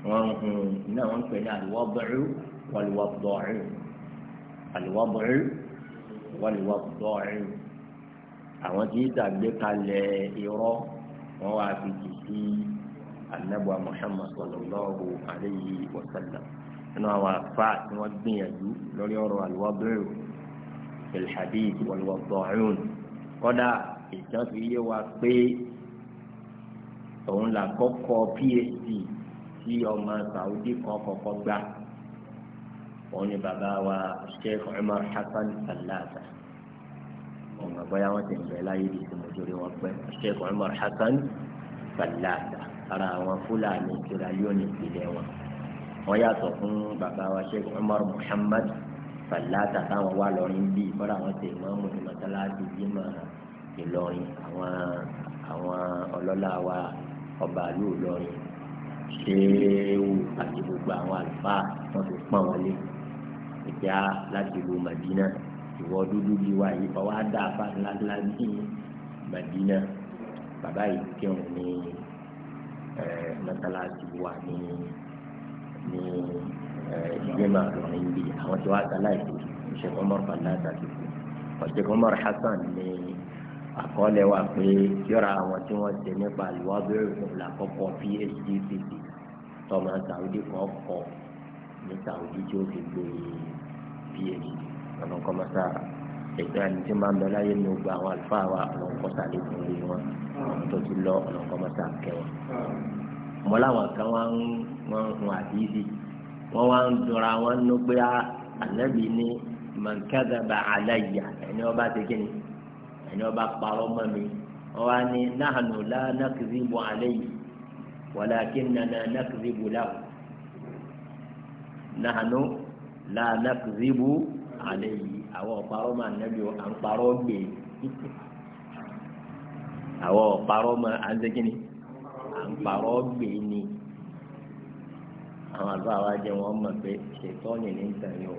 wọ́n ń hun náà wọ́n ń pè ní àlùwọ́bùrú wàlúwọ́bùrú àlùwọ́bùrú wàlúwọ́bùrú àwọn tí ìtàgbé kalẹ̀ irọ́ wọn wá fi jì sí anabuwa muhammad sallallahu alayhi wa sallam nínú àwọn afa tí wọ́n gbìyànjú lórí ọ̀rọ̀ alwabiru filhadid walwadọ́ọ̀rún kọ́dà ìtàn fi yé wa pé òun là kọ́kọ́ phd tí ọmọ saudi kan kọ́kọ́ gbà òun ni bàbá wa sheikh umar hasan salasa ọmọ bóyá wọn ti ń bẹ láyé di tí mo torí wọn pẹ Sheikh Umar Hassan Fallata ara àwọn Fúlàní kíra yóò ní ìpìlẹ̀ wọn wọn yàtọ̀ fún bàbá wa Sheikh Umar Muhammad Fallata táwọn wà lọrin bíi bọ́dà wọn ti mọ́ mọ́ ní mọ́sálásí jímọ̀ Ìlọrin àwọn àwọn ọlọ́lá wa ọba àlú Ìlọrin ṣéwù àti gbogbo àwọn àlùfáà wọn fi pọ́n wọlé ìjà láti lu Madina ìwọ dúdú bíi wa yìí ọwọ́ adá afa ńláńlá bíi Madina bàbá yìí kírun ní mọ́sálásí wa ní ní ìgbẹ́mà lọ́rin bíi àwọn tí wàá sálá ìkú Sheikh Omar fàlàtà ti kú Sheikh Omar Hasan ní àkọọ́lẹ̀ wa pé yọ̀rọ̀ àwọn tí wọ́n ṣe nípa àlùwábẹ̀rẹ̀ fún làkọ́kọ́ phd cc tọmọ Saudi kọ́ kọ́ ní Saudi tí ó fi gbé phd ọlọ́nkọ́ mọ́tà ètò ẹni tí máa ń bẹ láyé ní gbogbo àwọn àlùfáà wa ọlọ́nkọ́ sàlékún rí wọn àwọn tó ti lọ ọlọ́nkọ́ mọ́tà kẹwọn. mọ láwọn kan wá ń wọn ń àdídì wọn wá ń dúnra wọn nú pé ah, ànábì ní mọ̀nkẹ́gàbà aláyà ẹni ọba ti kí ni ẹni ọba parọ́ mọ́ mi wọn wá ní náhànú lánàkìrì bọ́ alẹ́ yìí wàlákìnnànà nàkìrì bù láwù náhànú lánàkìrì bù àlẹ́ yìí àwọn ọ̀parọ́ máa nẹ́bí ọ à ń parọ́ gbé àwọn ọ̀parọ́ máa à ń ṣe kíni à ń parọ́ gbé ni àwọn àgbà wa jẹ́ wọ́n mọ̀ pé ṣètọ́ ni ní tàn yìí o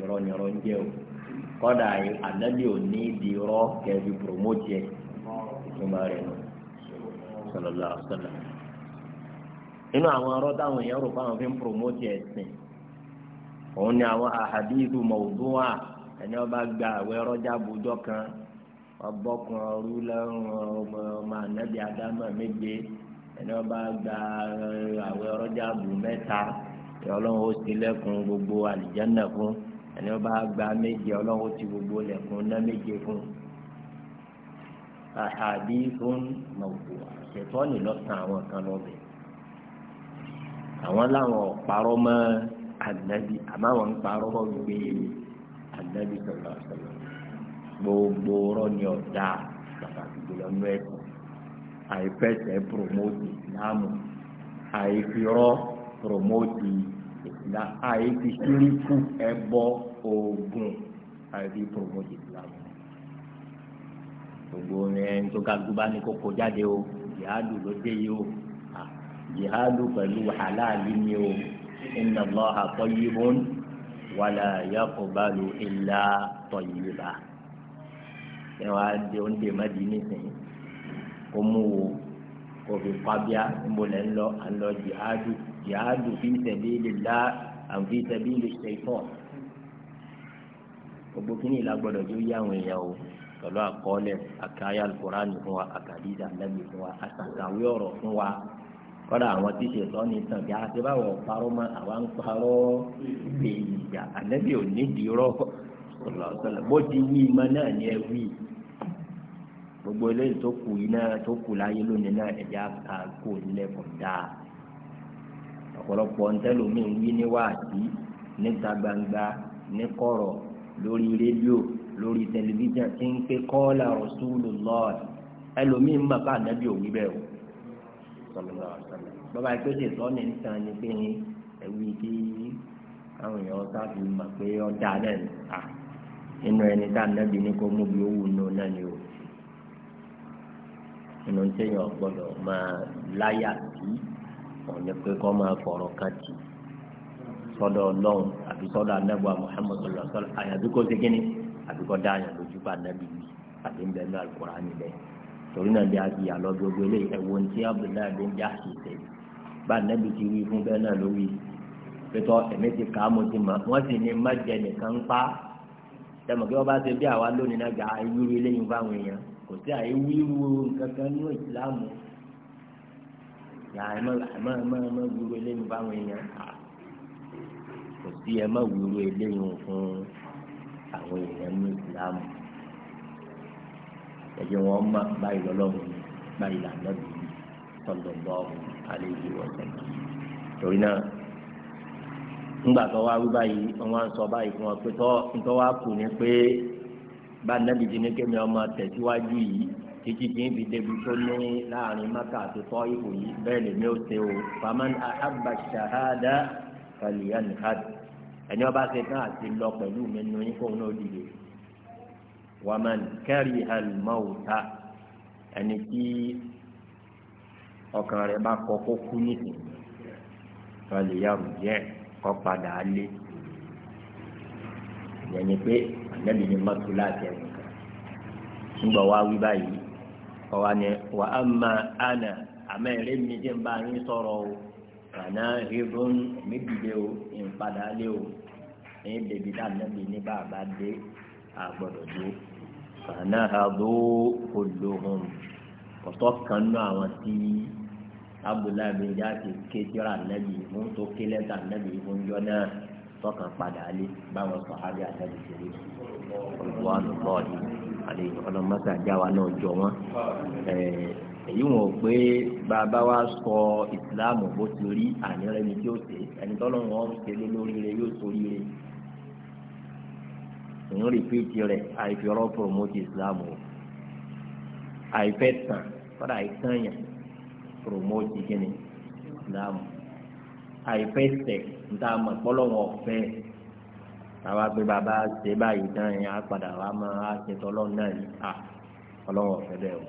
irọ́ ni irọ́ ń jẹ́ o kọ́dà ànábì ò ní di irọ́ kẹ́bi promote yẹ ìtumọ̀ rẹ̀ nù sallallahu alaihi wasallam. inú àwọn ọ̀rọ̀ táwọn èèyàn rò fáwọn fi ń promote ẹ̀sìn òun ni àwọn àhàdíìdù mọ̀ọ́dúnwà ẹni ọba gba àwẹ̀ rọ́jà bójọ́ kan ọgbọ́kun ọrú lọ́rùn ọmọ ọmọ ànábì ádámà méje ẹni ọba gba eh, àwẹ̀ rọ́jà bù mẹ́ta ọlọ́run ó ti lẹ́kùn gbogbo àlìjánà fún ẹni ọba gba méje ọlọ́run ó ti gbogbo lẹ́kùn ná méje fún àhàdíìdùn mọ̀ọ́dúnwà ṣètọ́ nìlọ́sàn àwọn kan lọ́bẹ̀ àwọn làwọn ọ̀parọ́ mọ́ ẹ ànábì àmọ́ àwọn ń parọ́ bọ́ wípé ànábì sọ̀rọ̀ sọ̀rọ̀ gbogbo ọ̀rọ̀ ni ọ̀dà pàtàkì jùlọ nú ẹ̀kọ́ àìfẹsẹ̀ promote ìsìláàmù àìfirọ́ promote ìsìláàmù àìfi síríkù ẹbọ àìfi promote ìsìláàmù gbogbo ẹni tó ká gbogbo ní kókó jáde o jihadu ló dé yìí o ah, jihadu pẹ̀lú halali ni o inna Allaha tayyibun wala yaqbalu illa tayyiba ẹ wá di oúnjẹ mẹ́bí nísìnyí kó mú wo kó fi pàbíà níbo lẹ́ ń lọ à ń lọ jihadu jihadu fi sabilillah àwọn fi sabili shaytan gbogbo kini la gbọ́dọ̀ tó yí àwọn èèyàn o pẹ̀lú àkọọ́lẹ̀ àkàyà alukurani fún wa àkàdídà nàbì fún wa àtàkàwé ọ̀rọ̀ fún wa kọ́dà àwọn tí ṣètò ní tàn kí a ti báwọ̀ parọ́ mọ́ àwa ń parọ́ gbèyà ànẹ́bí ò ní dìrọ́ ọ̀làọ̀sọ̀là bó ti wí ìmọ̀ náà ni ẹ wí gbogbo eléyìí tó kù iná tó kù láyé lónìí náà ẹ̀já ká kó lẹ́kọ̀ọ́ dáa ọ̀pọ̀lọpọ̀ ntẹ́lómìn wí níwáàtí níta gbangba ní kọ̀rọ̀ lórí rédíò lórí tẹlifíṣàn tí ń pé kọ́ọ̀lá Rasulullah ẹlòmíín bàbá ànábì òwí bẹ́ẹ̀ o sọlọ́lá ọ̀sán bàbá ìpèsè sọ́ọ̀nì nìkan ni pé ẹ̀wí kí àwọn èèyàn sábì mọ̀ pé ọ̀dà náà ni à inú ẹni tá nàbí ní kó mú bí owó nù náà ni o inú téèyàn gbọ́dọ̀ máa láyà sí ọ̀nà pé kọ́ máa fọ̀rọ̀ kan sọ́dọ̀ ọlọ́run àbí sọ́dọ̀ anábọ̀ Muhammad sallallahu alaihi wasallam àyàbí kó ṣe kínní àbí kó dáhùn lójú pa nàbí yìí àbí ń bẹ ní Al-Qur'ani níbẹ̀ torí náà bí a ti yà lọ gbogbo eléyìí ẹ̀wọ̀n tí Abdullahi bin Jahsh ṣe bá nẹ́bi ti wí fún bẹ́ẹ̀ náà ló wí pẹ̀tọ́ ẹ̀mí ti kà á mo ti mọ̀ wọ́n sì ní mẹ́jẹ nìkan ń pa tẹmọ̀ kí wọ́n bá ṣe bí àwa lónìí náà gba ayúru eléyìí fáwọn èèyàn kò sí àìwíru kankan ní ìsìlámù yàrá ẹ̀ mọ̀ ẹ̀ mọ̀ wíru eléyìí fáwọn èèyàn kò sí ẹ̀ mọ̀ wíru eléyìí fún àwọn èèyàn ní ìsìlámù ẹ̀jẹ̀ wọn mọ̀ báyìí lọ́lọ́run báyìí lànà bìí tọ́lọ̀ lọ́rùn alayhi wa sallam torí náà ńgbà tó wá wí báyìí wọn wá ń sọ báyìí fún wọn pé tọ́ ntọ́ wá kù ní pé bá nàbì ti ní kémi ọmọ tẹ̀síwájú yìí títí tí ń fi débi tó ní láàrin maka àti tọ́ ipò yìí bẹ́ẹ̀ lè ní ó o faman ahabba shahada faliyan had ẹni ọba ṣe tán àti lọ pẹ̀lú mi nù yín kóun náà dìde waman kariha ẹni tí ọkàn rẹ̀ bá kọ kó kú nìkan lọ́lẹ̀ yàrá jẹ́ kọ́ padà lé ìyẹnì pé ànábì ni mọ́tò láti ẹ̀yìn kan nígbà wá wí báyìí ọ̀wá ni wà á ma ànà àmọ́ ẹ̀rẹ́ mi ti ń bá yín sọ̀rọ̀ o àná rírun mi dìde o ìpadà lé o ní bèbí tá ànábì ní bàbá dé àgbọ̀dọ̀ dé àná àdó olóhùn ọ̀tọ̀ kan náà àwọn tí abdullahi bin jaasi kéjọra anabi fún tó kélé ta anabi fún jọ náà tọkàn padà alé báwọn sọhábì anabi ṣe rí olùwà lọlọọdì àlè ọlọmọta jáwa náà jọ wọn èyí wọn ò pé bàbá wa sọ ìsìláàmù bó ti rí àníra ẹni tí ó ṣe ẹni tọ́lọ́ wọn ṣe lé lórí rẹ yóò sórí rẹ ìyún rìpíìtì rẹ àìfi ọ̀rọ̀ promote ìsìláàmù àìfẹ́ tàn kọ́dà àìsàn yẹn promote kíni dáàmú àìfẹsẹ̀ dáàmú ọ̀pọ̀lọpọ̀ ọ̀fẹ́ àwa pé bàbá ṣe báyìí náà yẹn á padà wá máa ṣètò ọlọ́run náà yìí à ọlọ́run ọ̀fẹ́ bẹ́ẹ̀ o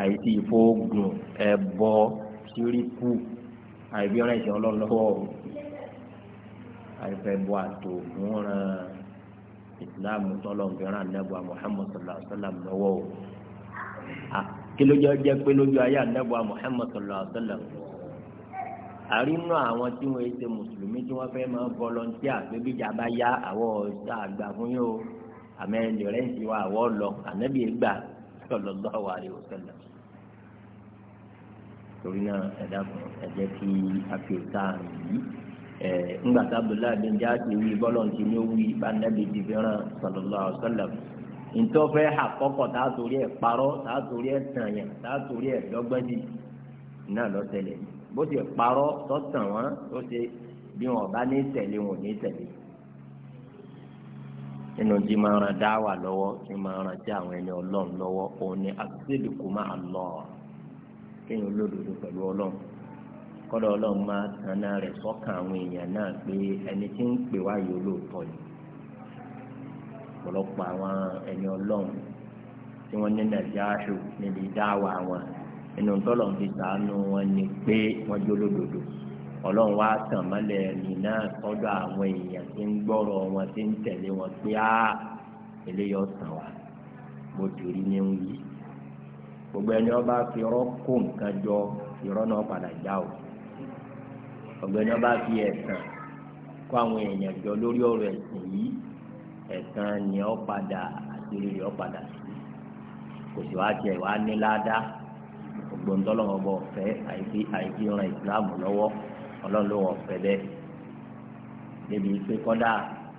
àìsí ìfowógùn ẹ̀bọ síríkù àìbí ọ̀rẹ́ ìṣẹ́ ọlọ́run o àìfẹ́ bọ́ àtòògùn ràn ìsìláàmù tọ́lọ̀ ń fẹ́ràn nẹ́bù Muhammad sallallahu alaihi wasallam lọ́wọ́ o kí ló jẹ́ pé lójú ayé àdẹ́bọ̀ Muhammad sallallahu alaihi wasallam àrínú àwọn tí wọ́n ṣe mùsùlùmí tí wọ́n fẹ́ máa volunteer àgbébíjà bá yá àwọn ọ̀ṣà àgbà fún yóò àmọ́ ẹ̀lẹ́rẹ́ǹsì wa àwọ̀ lọ ànábì gbà sallallahu alaihi wasallam. torí náà ẹ̀dá kan ẹ̀jẹ̀ kí akéwìtá yìí ẹ̀ ńgbàtà Abdullahi bin Jáde wí bọ́lọ̀ ní wí bá ànábì sallallahu alaihi wasallam ntọ́fẹ́ àkọ́kọ́ tá a torí ẹ̀ parọ́ tá a torí ẹ̀ tàyàn tá a torí ẹ̀ dọ́gbẹ́dì náà lọ tẹ̀lé bó ti parọ́ tó tàn wọ́n tó ṣe bí wọn bá ní tẹ̀lé wọn ò ní tẹ̀lé nínú tí máa ran dáwà lọ́wọ́ tí máa ran tí àwọn ẹni ọlọ́run lọ́wọ́ òun ni àtúndìkú máa lọ kéèyàn olódodo pẹ̀lú ọlọ́run kọ́dọ̀ ọlọ́run máa tanná rẹ̀ sọ́kàn àwọn èèyàn náà pé ẹni tí ń pè wáyé olóòótọ́ ni ọ̀pọ̀lọpọ̀ àwọn ẹni ọlọ́run tí wọ́n ní nàìjíríà níbi dáwà wọn nínú tọ́lọ̀ fi sàánú wọn ni pé wọ́n jó lódodo ọlọ́run wá tàn mọ́lẹ̀ ẹ̀mí náà sọ́dọ̀ àwọn èèyàn tí ń gbọ́rọ̀ wọn tí ń tẹ̀lé wọn pé á eléyọ̀ tàn wá bó ti rí ní wí gbogbo ẹni ọba fi ọ̀rọ̀ nǹkan jọ irọ́ náà padà já o ọ̀gbẹ́ni ọba fi ẹ̀sàn kó àwọn èèyàn jọ lórí ọ̀rọ̀ ẹ̀sìn yìí ẹ̀sán ni ọ́ padà àtìrí rẹ̀ ọ́ padà sí kò sì wá tiẹ̀ wá ní ládàá ògbóǹtọ́lọ́wọ́ bọ̀ fẹ́ àìfi àìfi ran ìsìláàmù lọ́wọ́ ọlọ́run ló wọ̀ fẹ́ bẹ́ẹ̀ débi pé kọ́dà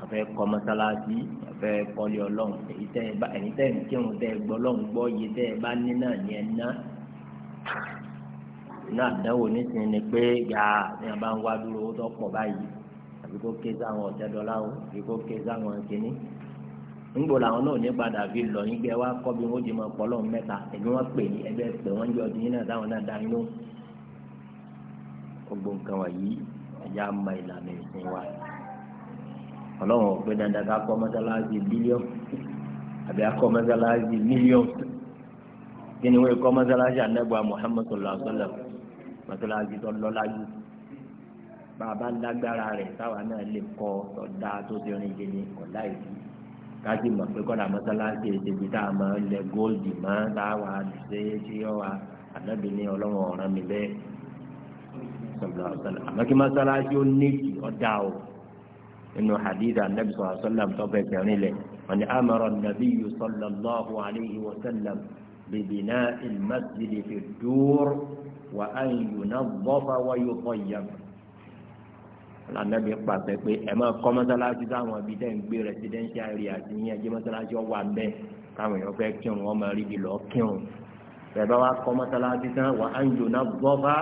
afẹ́ kọ́ mọ́sálásí afẹ́ kọ́lé ọlọ́run èyí tẹ́ ẹ bá ẹ̀yìn tẹ́ ẹ kírun tẹ́ ẹ gbọ́ ọlọ́run gbọ́ iye tẹ́ ẹ bá ní náà ní ẹ ná náà dánwò nísìnyí ni pé yàrá ni a bá ń wá dúró ó pọ̀ báyìí ikó ké sáwọn ọ̀tẹ́dọ́lá o ikó ké sáwọn kínní ńgbò làwọn náà ní padà fi lọ yín gbé wá kọ́ bí wọ́n ti mọ pọ́lọ́ mẹ́ta ẹ̀mí wọ́n pè ní ẹgbẹ́ pè wọ́n jọ ọdún yín náà táwọn náà dá yín ló. gbogbo nǹkan wọ̀nyí ẹ̀yà ma ìlànà ìsìn wa ọlọ́run ò dandan ká kọ́ mọ́sálásí bílíọ̀nù àbí akọ́ mọ́sálásí mílíọ̀nù kí ni wọ́n kọ́ mọ́sálásí Muhammad sallallahu alaihi wasallam mọ́sálásí tó lọ́lá yìí bàbá lágbára rẹ̀ táwa náà lè kọ́ ọ̀dà tó ti rìn jìnnì kọ̀ láìsí káàdì mọ̀ pé kọ́dà mọ́sálásí ìṣèjì tá a mọ̀ lẹ góòlì mọ́ táwa ṣe é tí ó wa ànábì ní ọlọ́run ọ̀ràn mi bẹ́ẹ̀ sọ̀rọ̀ sọ̀rọ̀ àmọ́ kí mọ́sálásí ó níjì ọ̀dà o inú hadith anabi sọ̀rọ̀ sọ̀rọ̀ tó fẹ́ kẹrin lẹ̀ wọ́n ní amọ̀rọ̀ nàbí yìí sọ̀rọ̀ lọ́hùn àlẹ́yìn wọ́sẹ̀lẹ̀m bìbìnà ìmọ̀sílẹ̀ fi dúró wà á yùnà bọ́fà wáyé bọ́yàmù lànàbí pàṣẹ pé ẹ máa kọ́ mọ́sálásí táwọn ibi tẹ́ ń gbé residential area àti ní ẹjẹ́ mọ́sálásí ọwọ́ abẹ́ káwọn èèyàn fẹ́ kírun wọ́n máa rí ibi lọ́ọ́ kírun bẹ̀rẹ̀ wá kọ́ mọ́sálásí tán wà á ń yòóná gbọ́fà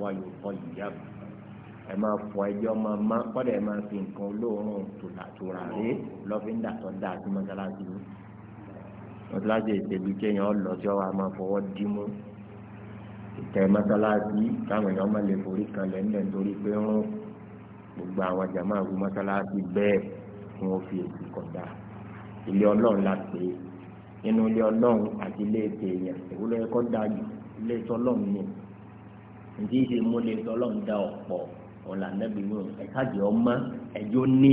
wà yóò fọ ìyá ẹ máa fọ ẹjọ́ máa má kọ́dà ẹ máa fi nǹkan olóòórùn tòlàtòlà rí lọ́fíńdà tó dáa sí mọ́sálásí mọ́sálásí ìṣèlú kéèyàn lọ sí èèyàn máa lè forí kan lẹ́ńdẹ̀ nítorí pé ń rún gbogbo àwọn jàmá àwọn mọ́sálásí bẹ́ẹ̀ fún òfin èsì kọ̀dá ilé ọlọ́run la pè é nínú ilé ọlọ́run àti ilé ètò èèyàn ìwúlò ẹ̀kọ́ dájú ilé ètò ọlọ́run ni ǹjẹ́ ìṣe mú ilé ètò ọlọ́run dá ọ̀pọ̀ ọ̀là nẹ́bí mi ẹ̀ka jẹ́ ọmọ ẹ̀jọ́ ní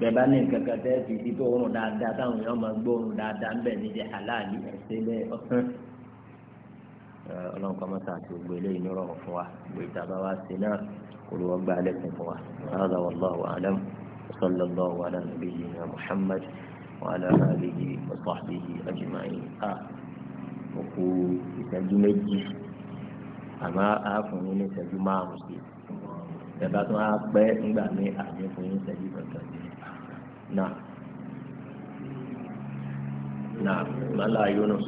bẹ̀bá ní nǹkan kan tẹ́ fi títọ́ oorun dáadáa táwọn èèyàn máa gbóòórùn dáadáa ńbẹ̀ níjẹ́ aláàlí ẹ̀sẹ̀ bẹ́ẹ̀ ọ̀sán ọlọ́run kọ́ mọ́ta àti gbogbo eléyìí nírọ̀rùn wa gbogbo ìtàbá wa sí náà قلوب عليكم هذا والله أعلم وصلى الله على نبينا محمد وعلى آله وصحبه أجمعين وقول تجمع الجيس أما أفهم من تجمع مسجد تباتوا أكبر من بعمي أعجب من تجمع الجيس نعم نعم ملا يونس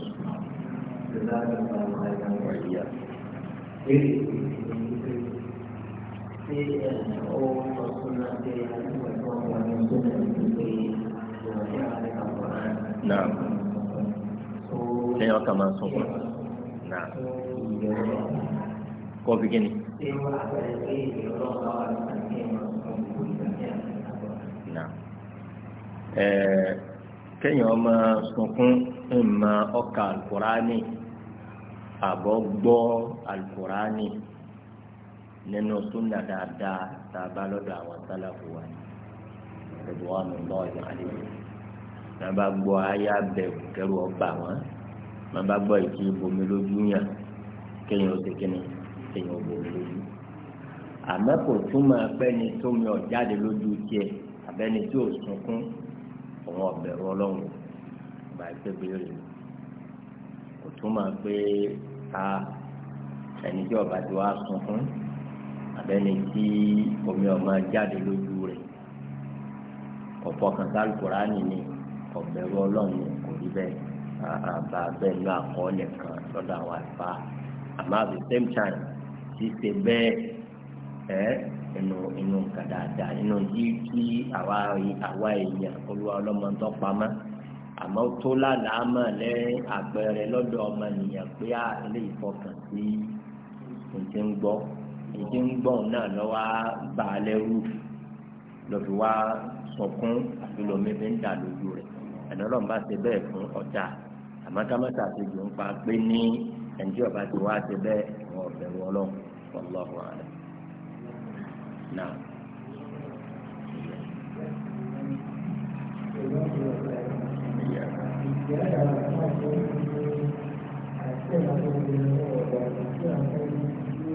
جزاك الله ṣé ohun ọ̀sùn náà ṣe àdúgbò tó ń wà ní ọdún náà ti pé ìrọ̀lẹ́ àti àpò náà. lẹ́yìn ọkà máa ń sọ fún un náà kọ́ fi kíni. ṣé wọ́n á bẹ̀rẹ̀ pé ìrọ̀lẹ́ àwọn àti àpò náà kéèyàn ọmọ sunkún ìmọ̀ ọkà alukurani àbọ̀ gbọ́ alukurani nínú súnà dáadáa tá a bá lọ́dọ̀ àwọn sálàfù wa gbogbo wa nù lọ́ọ̀ yìí àlè wò má bá gbọ́ ayé abẹ kẹrù ọba wọn má bá gbọ́ ìtì bomi lójú yàn kéèyàn ó ti kíni kéèyàn ó bomi lójú àmọ́ kò túmọ̀ pẹ́ni tó mi ọ̀ jáde lójú tiẹ̀ abẹ́ni tí ò sunkún òun ọ̀bẹ̀rù ọlọ́run gba ẹgbẹ́ béèrè kò túmọ̀ pé ta ah, ẹni tí ọba ti wá sunkún abẹ́ni tí omi ọmọ jáde lójú rẹ̀ ọ̀pọ̀ kan sálùkùrá nìyí ọ̀bẹ̀rù ọlọ́run kò rí bẹ́ẹ̀ àbá bẹ́ẹ̀ ló àkọọ́lẹ̀ kan lọ́dọ̀ àwọn àlùfà àmọ́ at the same time ṣíṣe bẹ́ẹ̀ ẹ́ inú inú nǹkan dáadáa inú tí kí àwa àwa èèyàn olúwa ọlọ́mọ tó pamọ́ àmọ́ tó lálàá mọ̀ lẹ́ àpẹẹrẹ lọ́dọ̀ ọmọ nìyẹn pé à ah, ilé ìfọkànsí ní ti ń gbọ́ ìdí ń gbọ̀n náà lọ wá bá a lẹ́rù lọ́fi wá sọkún àti lọ́mí fi ń dà lójú rẹ̀ ẹ̀dọ́lọ́n bá ṣe bẹ́ẹ̀ fún ọjà àmọ́ kámẹ́ta ti dùn pa pé ní ẹ̀ǹjẹ́ ọba ti wá ṣe bẹ́ẹ̀ wọn ọ̀bẹ̀ wọn lọ ọlọ́run àlẹ́ Yeah.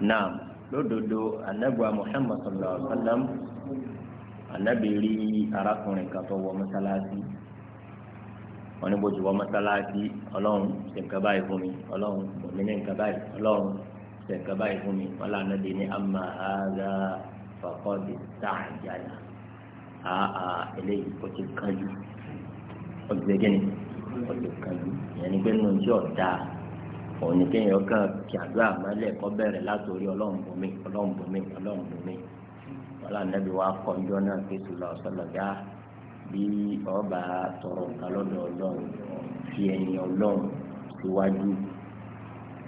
naam lódodo anagba muhammad sallallahu alaihi wa sallam anabi rí arákùnrin kan tó wọ mọ́sálásí wọn ní bójú wọ mọ́sálásí ọlọ́run ṣe nǹkan báyìí fún mi ọlọ́run mọ̀mí ní nǹkan báyìí ọlọ́run ṣe nǹkan báyìí fún mi wọn là anabi ní ama ara fakọ́ọ̀dì sáàjàlá àà eléyìí kò ti kánjú ọ̀gbẹ́gẹ́ni ọ̀gbẹ́kanjú ìyẹn ni pé nínú tí ọ̀ dáa òun ni kéèyàn kàn kí àdúrà mọ́lẹ̀ kọ́ bẹ̀rẹ̀ látòrí ọlọ́run bomi ọlọ́run bomi ọlọ́run bomi wọ́n ànábi wa kọjọ́ náà fi sùlọ sọlọ́gá bí ọba tọrọ nǹkan lọ́dọ̀ ọlọ́run fi ẹ̀yìn ọlọ́run síwájú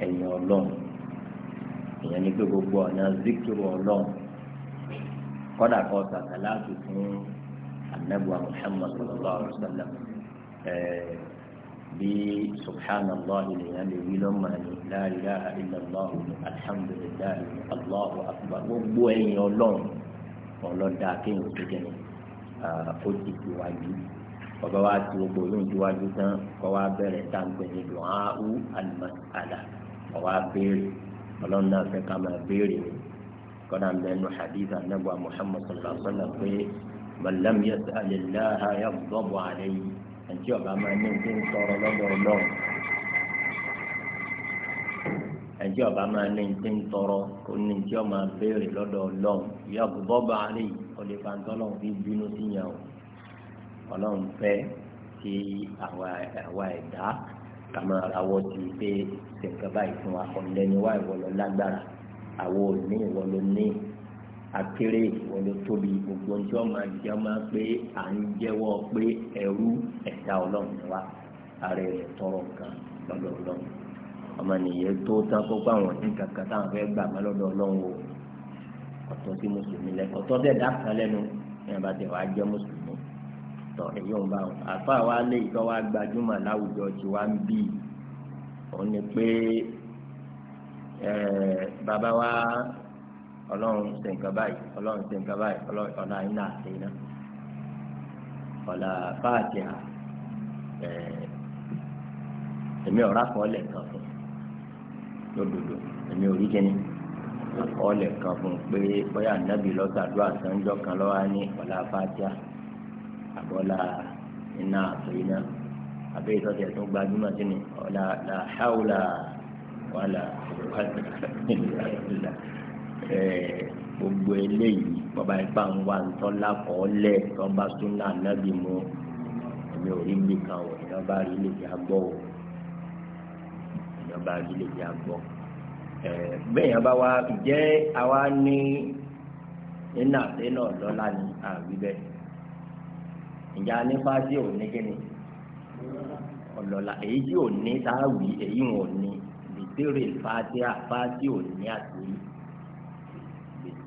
ẹ̀yìn ọlọ́run ìyẹn ni pé gbogbo ọ̀nà zikiru ọlọ́run kọ́dà kọ́ sàkàlà tuntun ànábi wa Muhammad sallallahu alaihi wasallam ẹ̀ẹ́ bí subhanallah ènìyàn lè wí lọ́mọ ní la ilaha illallah alhamdulillah allahu akbar gbogbo ẹ̀yìn ọlọ́run ọlọ́dà kéèyàn ó tẹ́jẹ́ ní ó ti fi wájú bàbá wa ti gbogbo yóò ti wájú tán kọ́ wa bẹ̀rẹ̀ táǹpẹ̀ ní du'a'u al kọ́ wa béèrè ọlọ́run náà fẹ́ ká máa béèrè ni kọ́dà mẹ́nu hadith anabu muhammad sallallahu pé man lam yas'alillaha yaghdabu alayhi ẹtí ọba máa ní ní ń tọrọ lọ́dọ̀ Ọlọ́run ẹtí ọba máa ní ní ń tọrọ kó ní tí ọ máa béèrè lọ́dọ̀ Ọlọ́run ìyá àbúbọ bá a rí ọlẹ́ pàǹtọ́ lọ́run fi bínú sí yàn o Ọlọ́run fẹ́ kí àwa ẹ̀dá ká máa rawọ́ ti pé ṣèǹkà báyìí fún wa ọ̀lẹ́ni wa ìwọ lágbára àwọn ní ìwọ ní akéré ìwọlé tóbi gbogbo ní wọn máa jẹ máa pé à ń jẹ́wọ́ pé ẹrú ẹ̀dá Ọlọ́run wa ààrẹ rẹ tọrọ nǹkan lọ́dọ̀ Ọlọ́run ọmọ nìyẹn tó tán kó pa àwọn ní kankan táwọn fẹ́ẹ́ gbà má lọ́dọ̀ Ọlọ́run o ọ̀tọ̀ sí mùsùlùmí lẹ ọ̀tọ̀ bẹ́ẹ̀ dákan lẹ́nu ẹyìn bá wàá jẹ mùsùlùmí tọ èyí ò ń bá wọn àfa wa lé ìtọ́ wa gbajúmọ̀ láwùjọ tí wàá ń bì òun ọlọ́run ṣe nǹkan báyìí ọlọ́run ṣe nǹkan báyìí ọlọ́run ọ̀nà iná àti iná ọ̀là fáàtì à èmi ọ̀rá kọ́ọ̀lẹ̀ kan fún lódodo èmi ò rí kíni kọ́ọ̀lẹ̀ kan fún pé bóyá ànábì lọ́sàdúrà sànjọ́ kan lọ́wọ́ ní ọ̀là fáàtì à àbọ̀là iná àti àbẹ́ ìtọ́jú ẹ̀ tó gbajúmọ̀ sínú ọ̀là làhàwùlà wàlà ìlú gbogbo eléyìí bàbá ipá ń wá ntọ́lá kọ́ọ́lẹ̀ tọ́ba súnà nábì mu èmi ò rí mi kan o èèyàn bá rí lè já gbọ́ o èèyàn bá rí lè já gbọ́ bẹ́ẹ̀ yẹn bá wá jẹ́ àwa ní nínà nínà lọ́la ni àbí bẹ́ẹ̀ ìjà nípa tí ò ní kíni ọlọ́la èyí tí ò ní tá a wí èyí wọn ò ní lè tèrè fàtíà fàtí ò ní àtúrí.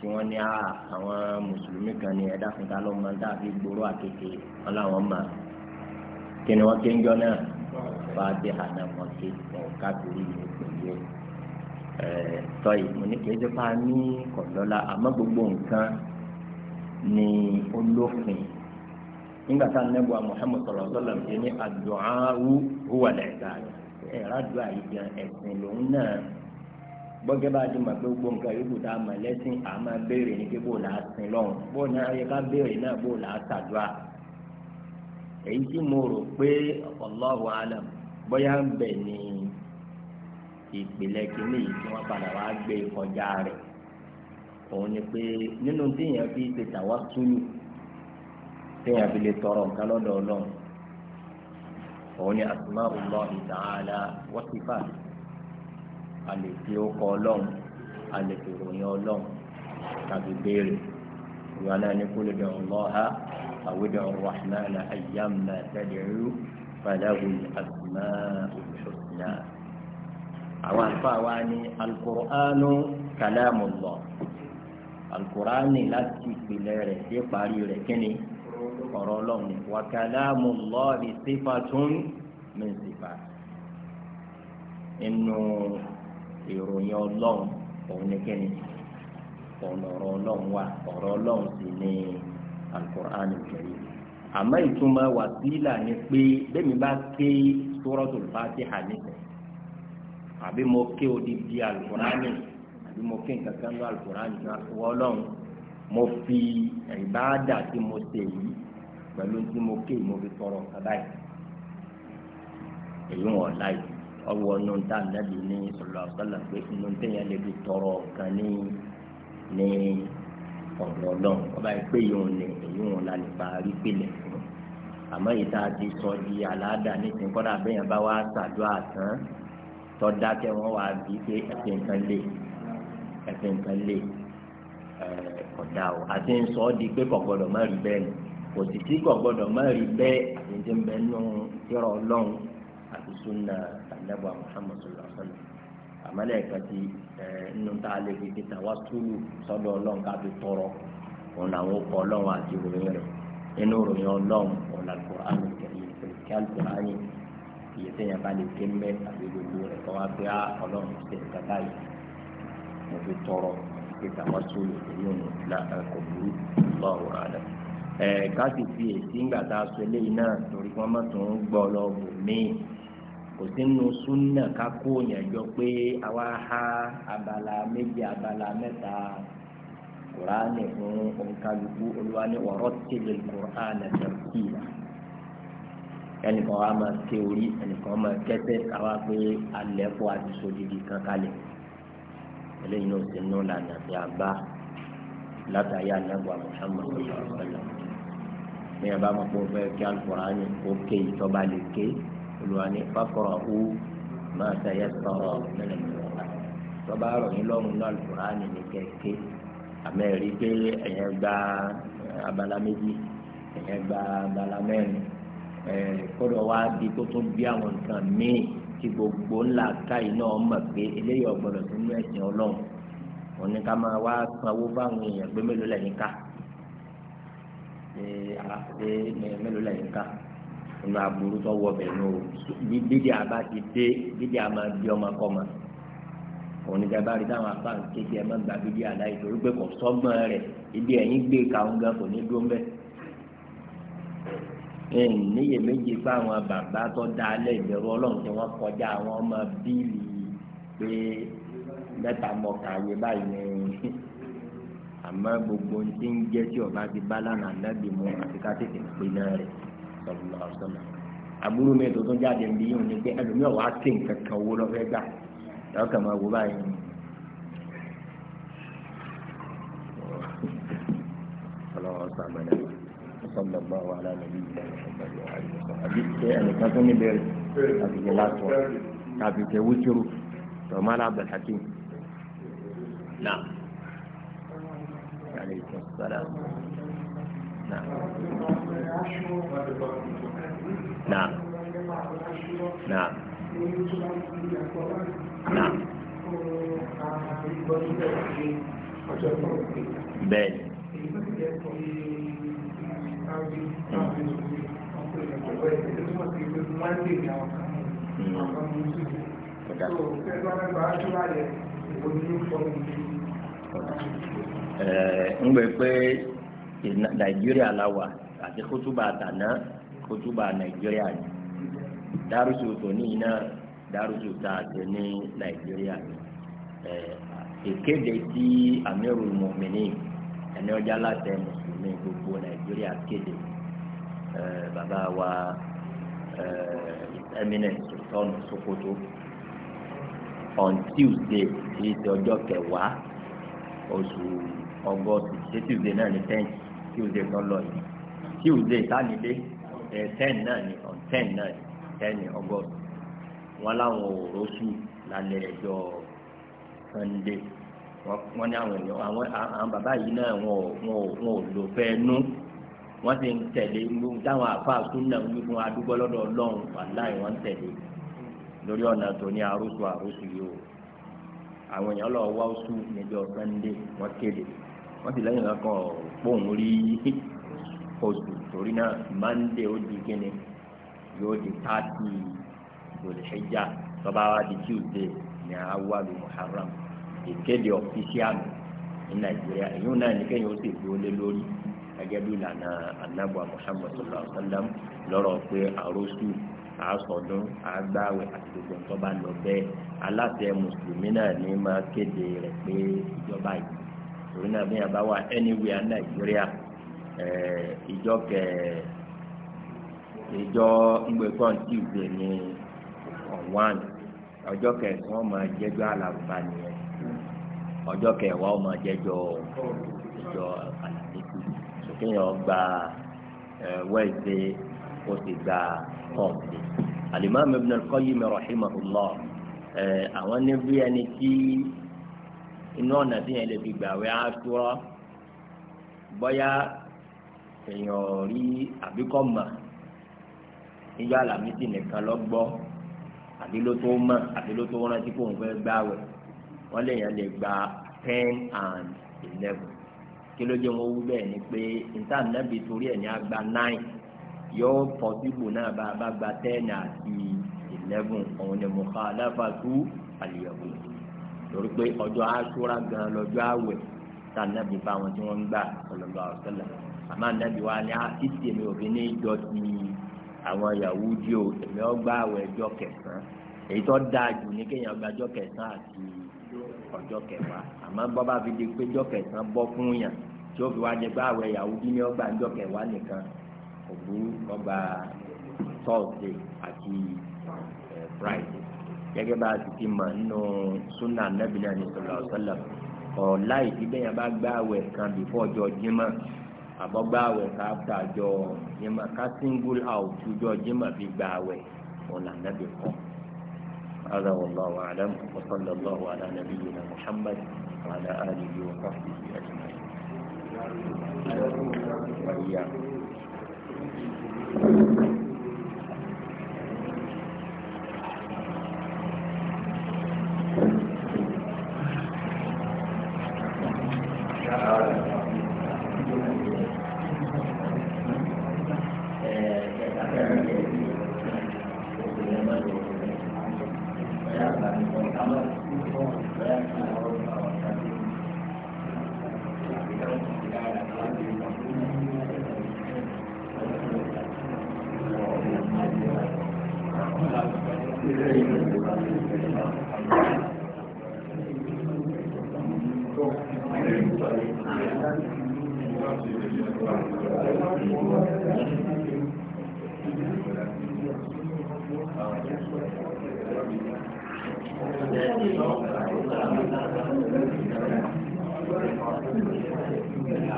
tí wọ́n ní ah, àwọn mùsùlùmí kan ní ẹ̀dá fúnta ló máa ń gbòòrò àkékè wọn làwọn máa kí ni wọ́n ké ń jọ náà bá a dé àná wọn ké wọn káàkiri yìí pẹ̀lú ẹ̀ tọ́yì mo ní kí ẹjọ́ bá ní kọ̀lọ́lá àmọ́ gbogbo nǹkan ni olófin nígbà tá a nẹ́bù a Muhammad sọ̀rọ̀ sọ́lá mi ní àdùn áwù hùwà lẹ́ẹ̀dá ẹ̀ rádùn àyíjà ẹ̀sìn lòun náà gbọ́ngẹ́ bá ti mọ̀ pé gbogbo nǹkan yòókù tá a mọ̀ lẹ́sìn à máa béèrè ní pé bó o là á sin lọ́hùn bó o náà yẹ ká béèrè náà bó o èyí tí mo rò pé Allahu alam bóyá ń bẹ̀ ní ìpìlẹ̀ kìíní yìí tí wọ́n padà wá gbé kọjá rẹ̀ òun ni pé nínú téèyàn fi ṣe tàwásùlù téèyàn fi lè tọrọ nǹkan lọ́dọ̀ Ọlọ́run òun ni asma'ullahi ta'ala wa sifatuhu a lè fi orúkọ ọlọ́run a lè fi ròyìn ọlọ́run tàbí béèrè ìwà náà ní kó lè dẹ̀ ọ́ lọ́ha àwùjọ rahman ayyamma tad'u falahu al-asma'ul husna. àwọn àlùfáà wa ní alukur'anu kalamullah alukur'ani láti ìpìlẹ̀ rẹ̀ dé parí rẹ̀ kíni ọ̀rọ̀ ọlọ́run ni wa kalamullahi sifatun min sifat. inú ìròyìn ọlọ́run òun ni kẹ́ni ọ̀nà ọ̀rọ̀ ọlọ́run wa ọ̀rọ̀ ọlọ́run sì ni alukur'an karim àmọ́ ìtumọ̀ wàsílà ni pé bẹ́ẹ̀ mi bá ké suratul Fatiha nísìnyí àbí mo ké odidi alukur'an àbí mo ké nǹkan kan lọ alukur'an náà wọ́ọ́lọ́run mo fi ìbáàdà tí mo ṣe yìí pẹ̀lú tí mo ké mo fi tọrọ kaba yìí èyí wọn láyìí ọwọ́ nùtà nàbì ní sọlọ àbúkálà pé nùtà yẹn lè fi tọrọ kan ní ní ọ̀dọ̀ ọlọ́run ọba ìpè yòó ni èyí wọn la lè bá rí pilẹ̀ fún àmọ́ ìta ti sọ di àlàáda nísìnyí kọ́dà bẹ́yẹn bá wá ṣàdúrà tán tọ́da tẹ wọ́n wá bí pé ẹ̀fẹ̀ nǹkan lè ẹ̀fẹ̀ nǹkan lè ọ̀dà o àti ń sọ ọ́ di pé kò má rí bẹ́ẹ̀ kò sì sí kò má rí bẹ́ẹ̀ àti ń bẹ́ẹ̀ nù kíra ọlọ́run àti súnà anabu muhammad sallallahu alaihi wa sallam àmàlẹ́ ẹ̀ka ti nínú tá a lè fi ti tàwa túlù sọ́dọ̀ ọlọ́run ká fi tọrọ òun làwọn kọ ọlọ́run àti ìròyìn rẹ̀ nínú ìròyìn ọlọ́run òun là kùrán kẹrin kí alukùrán iye téèyàn bá lè ké mbẹ́ àti gbogbo rẹ̀ kọ́ wá pé á ọlọ́run ṣe nǹkan báyìí mo fi tọrọ ti tàwa túlù èyí òun là kò burú lọ́wọ́ àdá. ẹ̀ ká sì fi èsì ńgbà tá a sọ eléyìí torí wọ́n tó ń gbọ́ lọ́wọ́ míì kò sínú súnà kákó òyìnbó pé àwa ha abala méjì abala mẹ́ta kuraani fún onkaluku olúwa ní ọ̀rọ̀ tìlẹ kuraani tẹrẹtìlá ẹnìkan wa máa ké orí ẹnìkan máa kẹsẹ káwa pé alẹ́ kó àti sojidi kankalẹ̀ eléyìí náà sínú lànà tí a bá látàrí ànágbà Muhammad sallallahu alaihi wa sallam ní bá mọ̀ pé o fẹ́ kí alukuraani ó ké ìtọ́ba lè ké olùwàní faqra'u ma tayassara min al-Qur'an tọ́ba rọ̀ yín lọ́rùn náà al-Qur'an ní kẹ̀kẹ́ àmẹ́rí pé ẹ̀yẹn gba abala méjì ẹ̀yẹn gba abala mẹ́rin kọ́dọ̀ wá di kó tó bí àwọn nǹkan míì tí gbogbo ńlá káyìí náà mọ̀ pé eléyìí ọ̀gbọ̀dọ̀ tó ní ẹ̀sìn ọlọ́run òun ni ká máa wá sanwó fáwọn èèyàn pé mélòó lẹ́yìn ká mélòó lẹ́yìn ká nínú aburú tó wọ bẹ́ẹ̀ nù bí bídí àbá ti dé bídí àmà bí ọmọ kọ́ ma òun ní jábá rí táwọn afá kéde ẹ má gba bídí àdá yìí torí pé kò sọ́gbọ́n rẹ̀ ibi ẹ̀yìn gbé kàún gan kò ní dúró mbẹ́. níyè méjì pé àwọn bàbá tó dá alẹ́ ìbẹ̀rù ọlọ́run tí wọ́n kọjá àwọn ọmọ bíìlì pé mẹ́ta mọ̀ kàwé báyìí ní àmọ́ gbogbo ohun ń jẹ́ tí ọba ti bá lánàá nábì mú àti ká tètè pinna rẹ̀ sọlọ sọlọ àbúrò mi tó tún jáde níbi yìí ní pé ẹlòmíràn wàá ké nǹkan kan owó lọ́fẹ́ gbà lọ́wọ́ kàn máa wò báyìí. ọlọ́wọ́ sàmìnà sọlọ bá wà lánàá bí ìgbà ìṣẹ̀lẹ̀ àìsàn àbí ṣé ẹnìkan tó níbẹ̀rẹ̀ àti ṣe látọ̀ àti ṣe wúṣírù tọ́mọ́lá abdulhakeem. نعم نعم نعم بẹ́ẹ̀ni. ń gbé pé nàìjíríà la wà àti kótóbà àtàná kótóbà nàìjíríà ni dárúsù tòní iná dárúsù tá a ti ní nàìjíríà ni ìkéde tí amírùl mùmínín ẹni ọjà láti ẹ mùsùlùmí gbogbo nàìjíríà kéde bàbá wa eminent sultan sokoto on tuesday ti ọjọ́ kẹwàá oṣù august ṣé tuesday náà ní tenth tuesday tó lọ yìí tuesday sánidé ẹ ten náà ni on ten náà ni ten ni august wọn láwọn òòró sùn lálẹ́ ẹjọ́ sunday wọn ní àwọn èèyàn àwọn àwọn bàbá yìí náà wọn ò wọn ò wọn ò lò fẹ́ nú wọn ti ń tẹ̀lé táwọn àfáà tún náà ń fún adúgbò lọ́dọ̀ ọlọ́run wàláì wọn ń tẹ̀lé lórí ọ̀nà tó ní arúsù arúsù yìí o àwọn èèyàn lọ wá oṣù níjọ́ sunday wọn kéde wọ́n ti lẹ́yìn kankan pòun rí oṣù torí náà mande ó di kíni yóò di táàtì ìgbòlẹ́sẹ̀já tọ́ba wa di tuesday ní awalu muharram ìkéde ọ̀fíṣíàmù ní nàìjíríà èyí náà ní kéyìn ó sì dúró lé lórí gẹ́gẹ́ bí ìlànà anábọ̀ muhammed sallallahu alayhi wa sallam lọ́rọ̀ pé àròsù àásọdún àgbáwẹ̀ àti gbogbo nǹkan bá lọ bẹ́ẹ̀ aláṣẹ mùsùlùmí náà ní máa kéde rẹ̀ pé ìjọba yìí torí náà bí yàn bá wà anywhere nàìjíríà ìjọ kẹ ìjọ ngbẹ̀kọ́ tíìzé ní ọ̀wán ọjọ́ kẹsàn-án ọmọ jẹjọ́ alàrúbá nìyẹn ọjọ́ kẹwàá ọmọ jẹjọ́ ìjọ alàdékù sókè yàn gba wẹ́ẹ̀dẹ́ ó sì gba kọ́ọ̀dé alimami ibn al-Qayyim rahimahullah àwọn níbi ẹni tí inú ọ̀nà tí yẹn lè fi gbà wẹ̀ àtúrọ̀ bọ́yá èèyàn rí àbíkọ́ mọ̀ níjọ́ àlàmísì nìkan lọ́gbọ́ àbí ló tó mọ̀ àbí ló tó rántí kó ń fẹ́ gbà wẹ̀ wọ́n lè yẹn lè gba ten and eleven kí ló jẹ́ wọn wú bẹ́ẹ̀ ni pé níta nàbì torí ẹ̀ ní agba nine yóò pọ̀sibù náà bá a bá gba ten àti eleven òun ni mùkálàfàtú àlìyàwó yìí torí pé ọjọ́ aṣúra gan lọ́jọ́ àwẹ̀ tá a nàbí bá wọn tí wọ́n ń gbà ọlọ́lọ́ àwọ̀sẹ́lẹ̀ àmọ́ ànábì wa ní títí èmi òbí ní ìjọ ti àwọn Yahudi o èmi ọgbà àwẹ̀ ẹjọ́ kẹsàn-án èyí tó dáa jù ní kéèyàn gba ọjọ́ kẹsàn-án àti ọjọ́ kẹwàá àmọ́ bọ́bá fi di pé ọjọ́ kẹsàn-án bọ́ fún yàn tí ó fi wá jẹ pé àwẹ̀ Yahudi ní ọgbà ọjọ́ kẹwàá nìkan òbú ọgbà Thursday àti eh, Friday gẹ́gẹ́ bá a ti ti mọ̀ nínú súnà nàbì náà ní sọlá ọ̀sọ́lá ọ̀la ìdílé yẹn bá gbá àwẹ̀ kan bífọ́ ọjọ́ jímọ̀ àbọ̀ gbá àwẹ̀ ká ta jọ jímọ̀ ká single out jọ jímọ̀ fi gbá àwẹ̀ ọ̀la nàbì kọ́. هذا والله أعلم وصلى الله على نبينا محمد وعلى آله وصحبه أجمعين وإياكم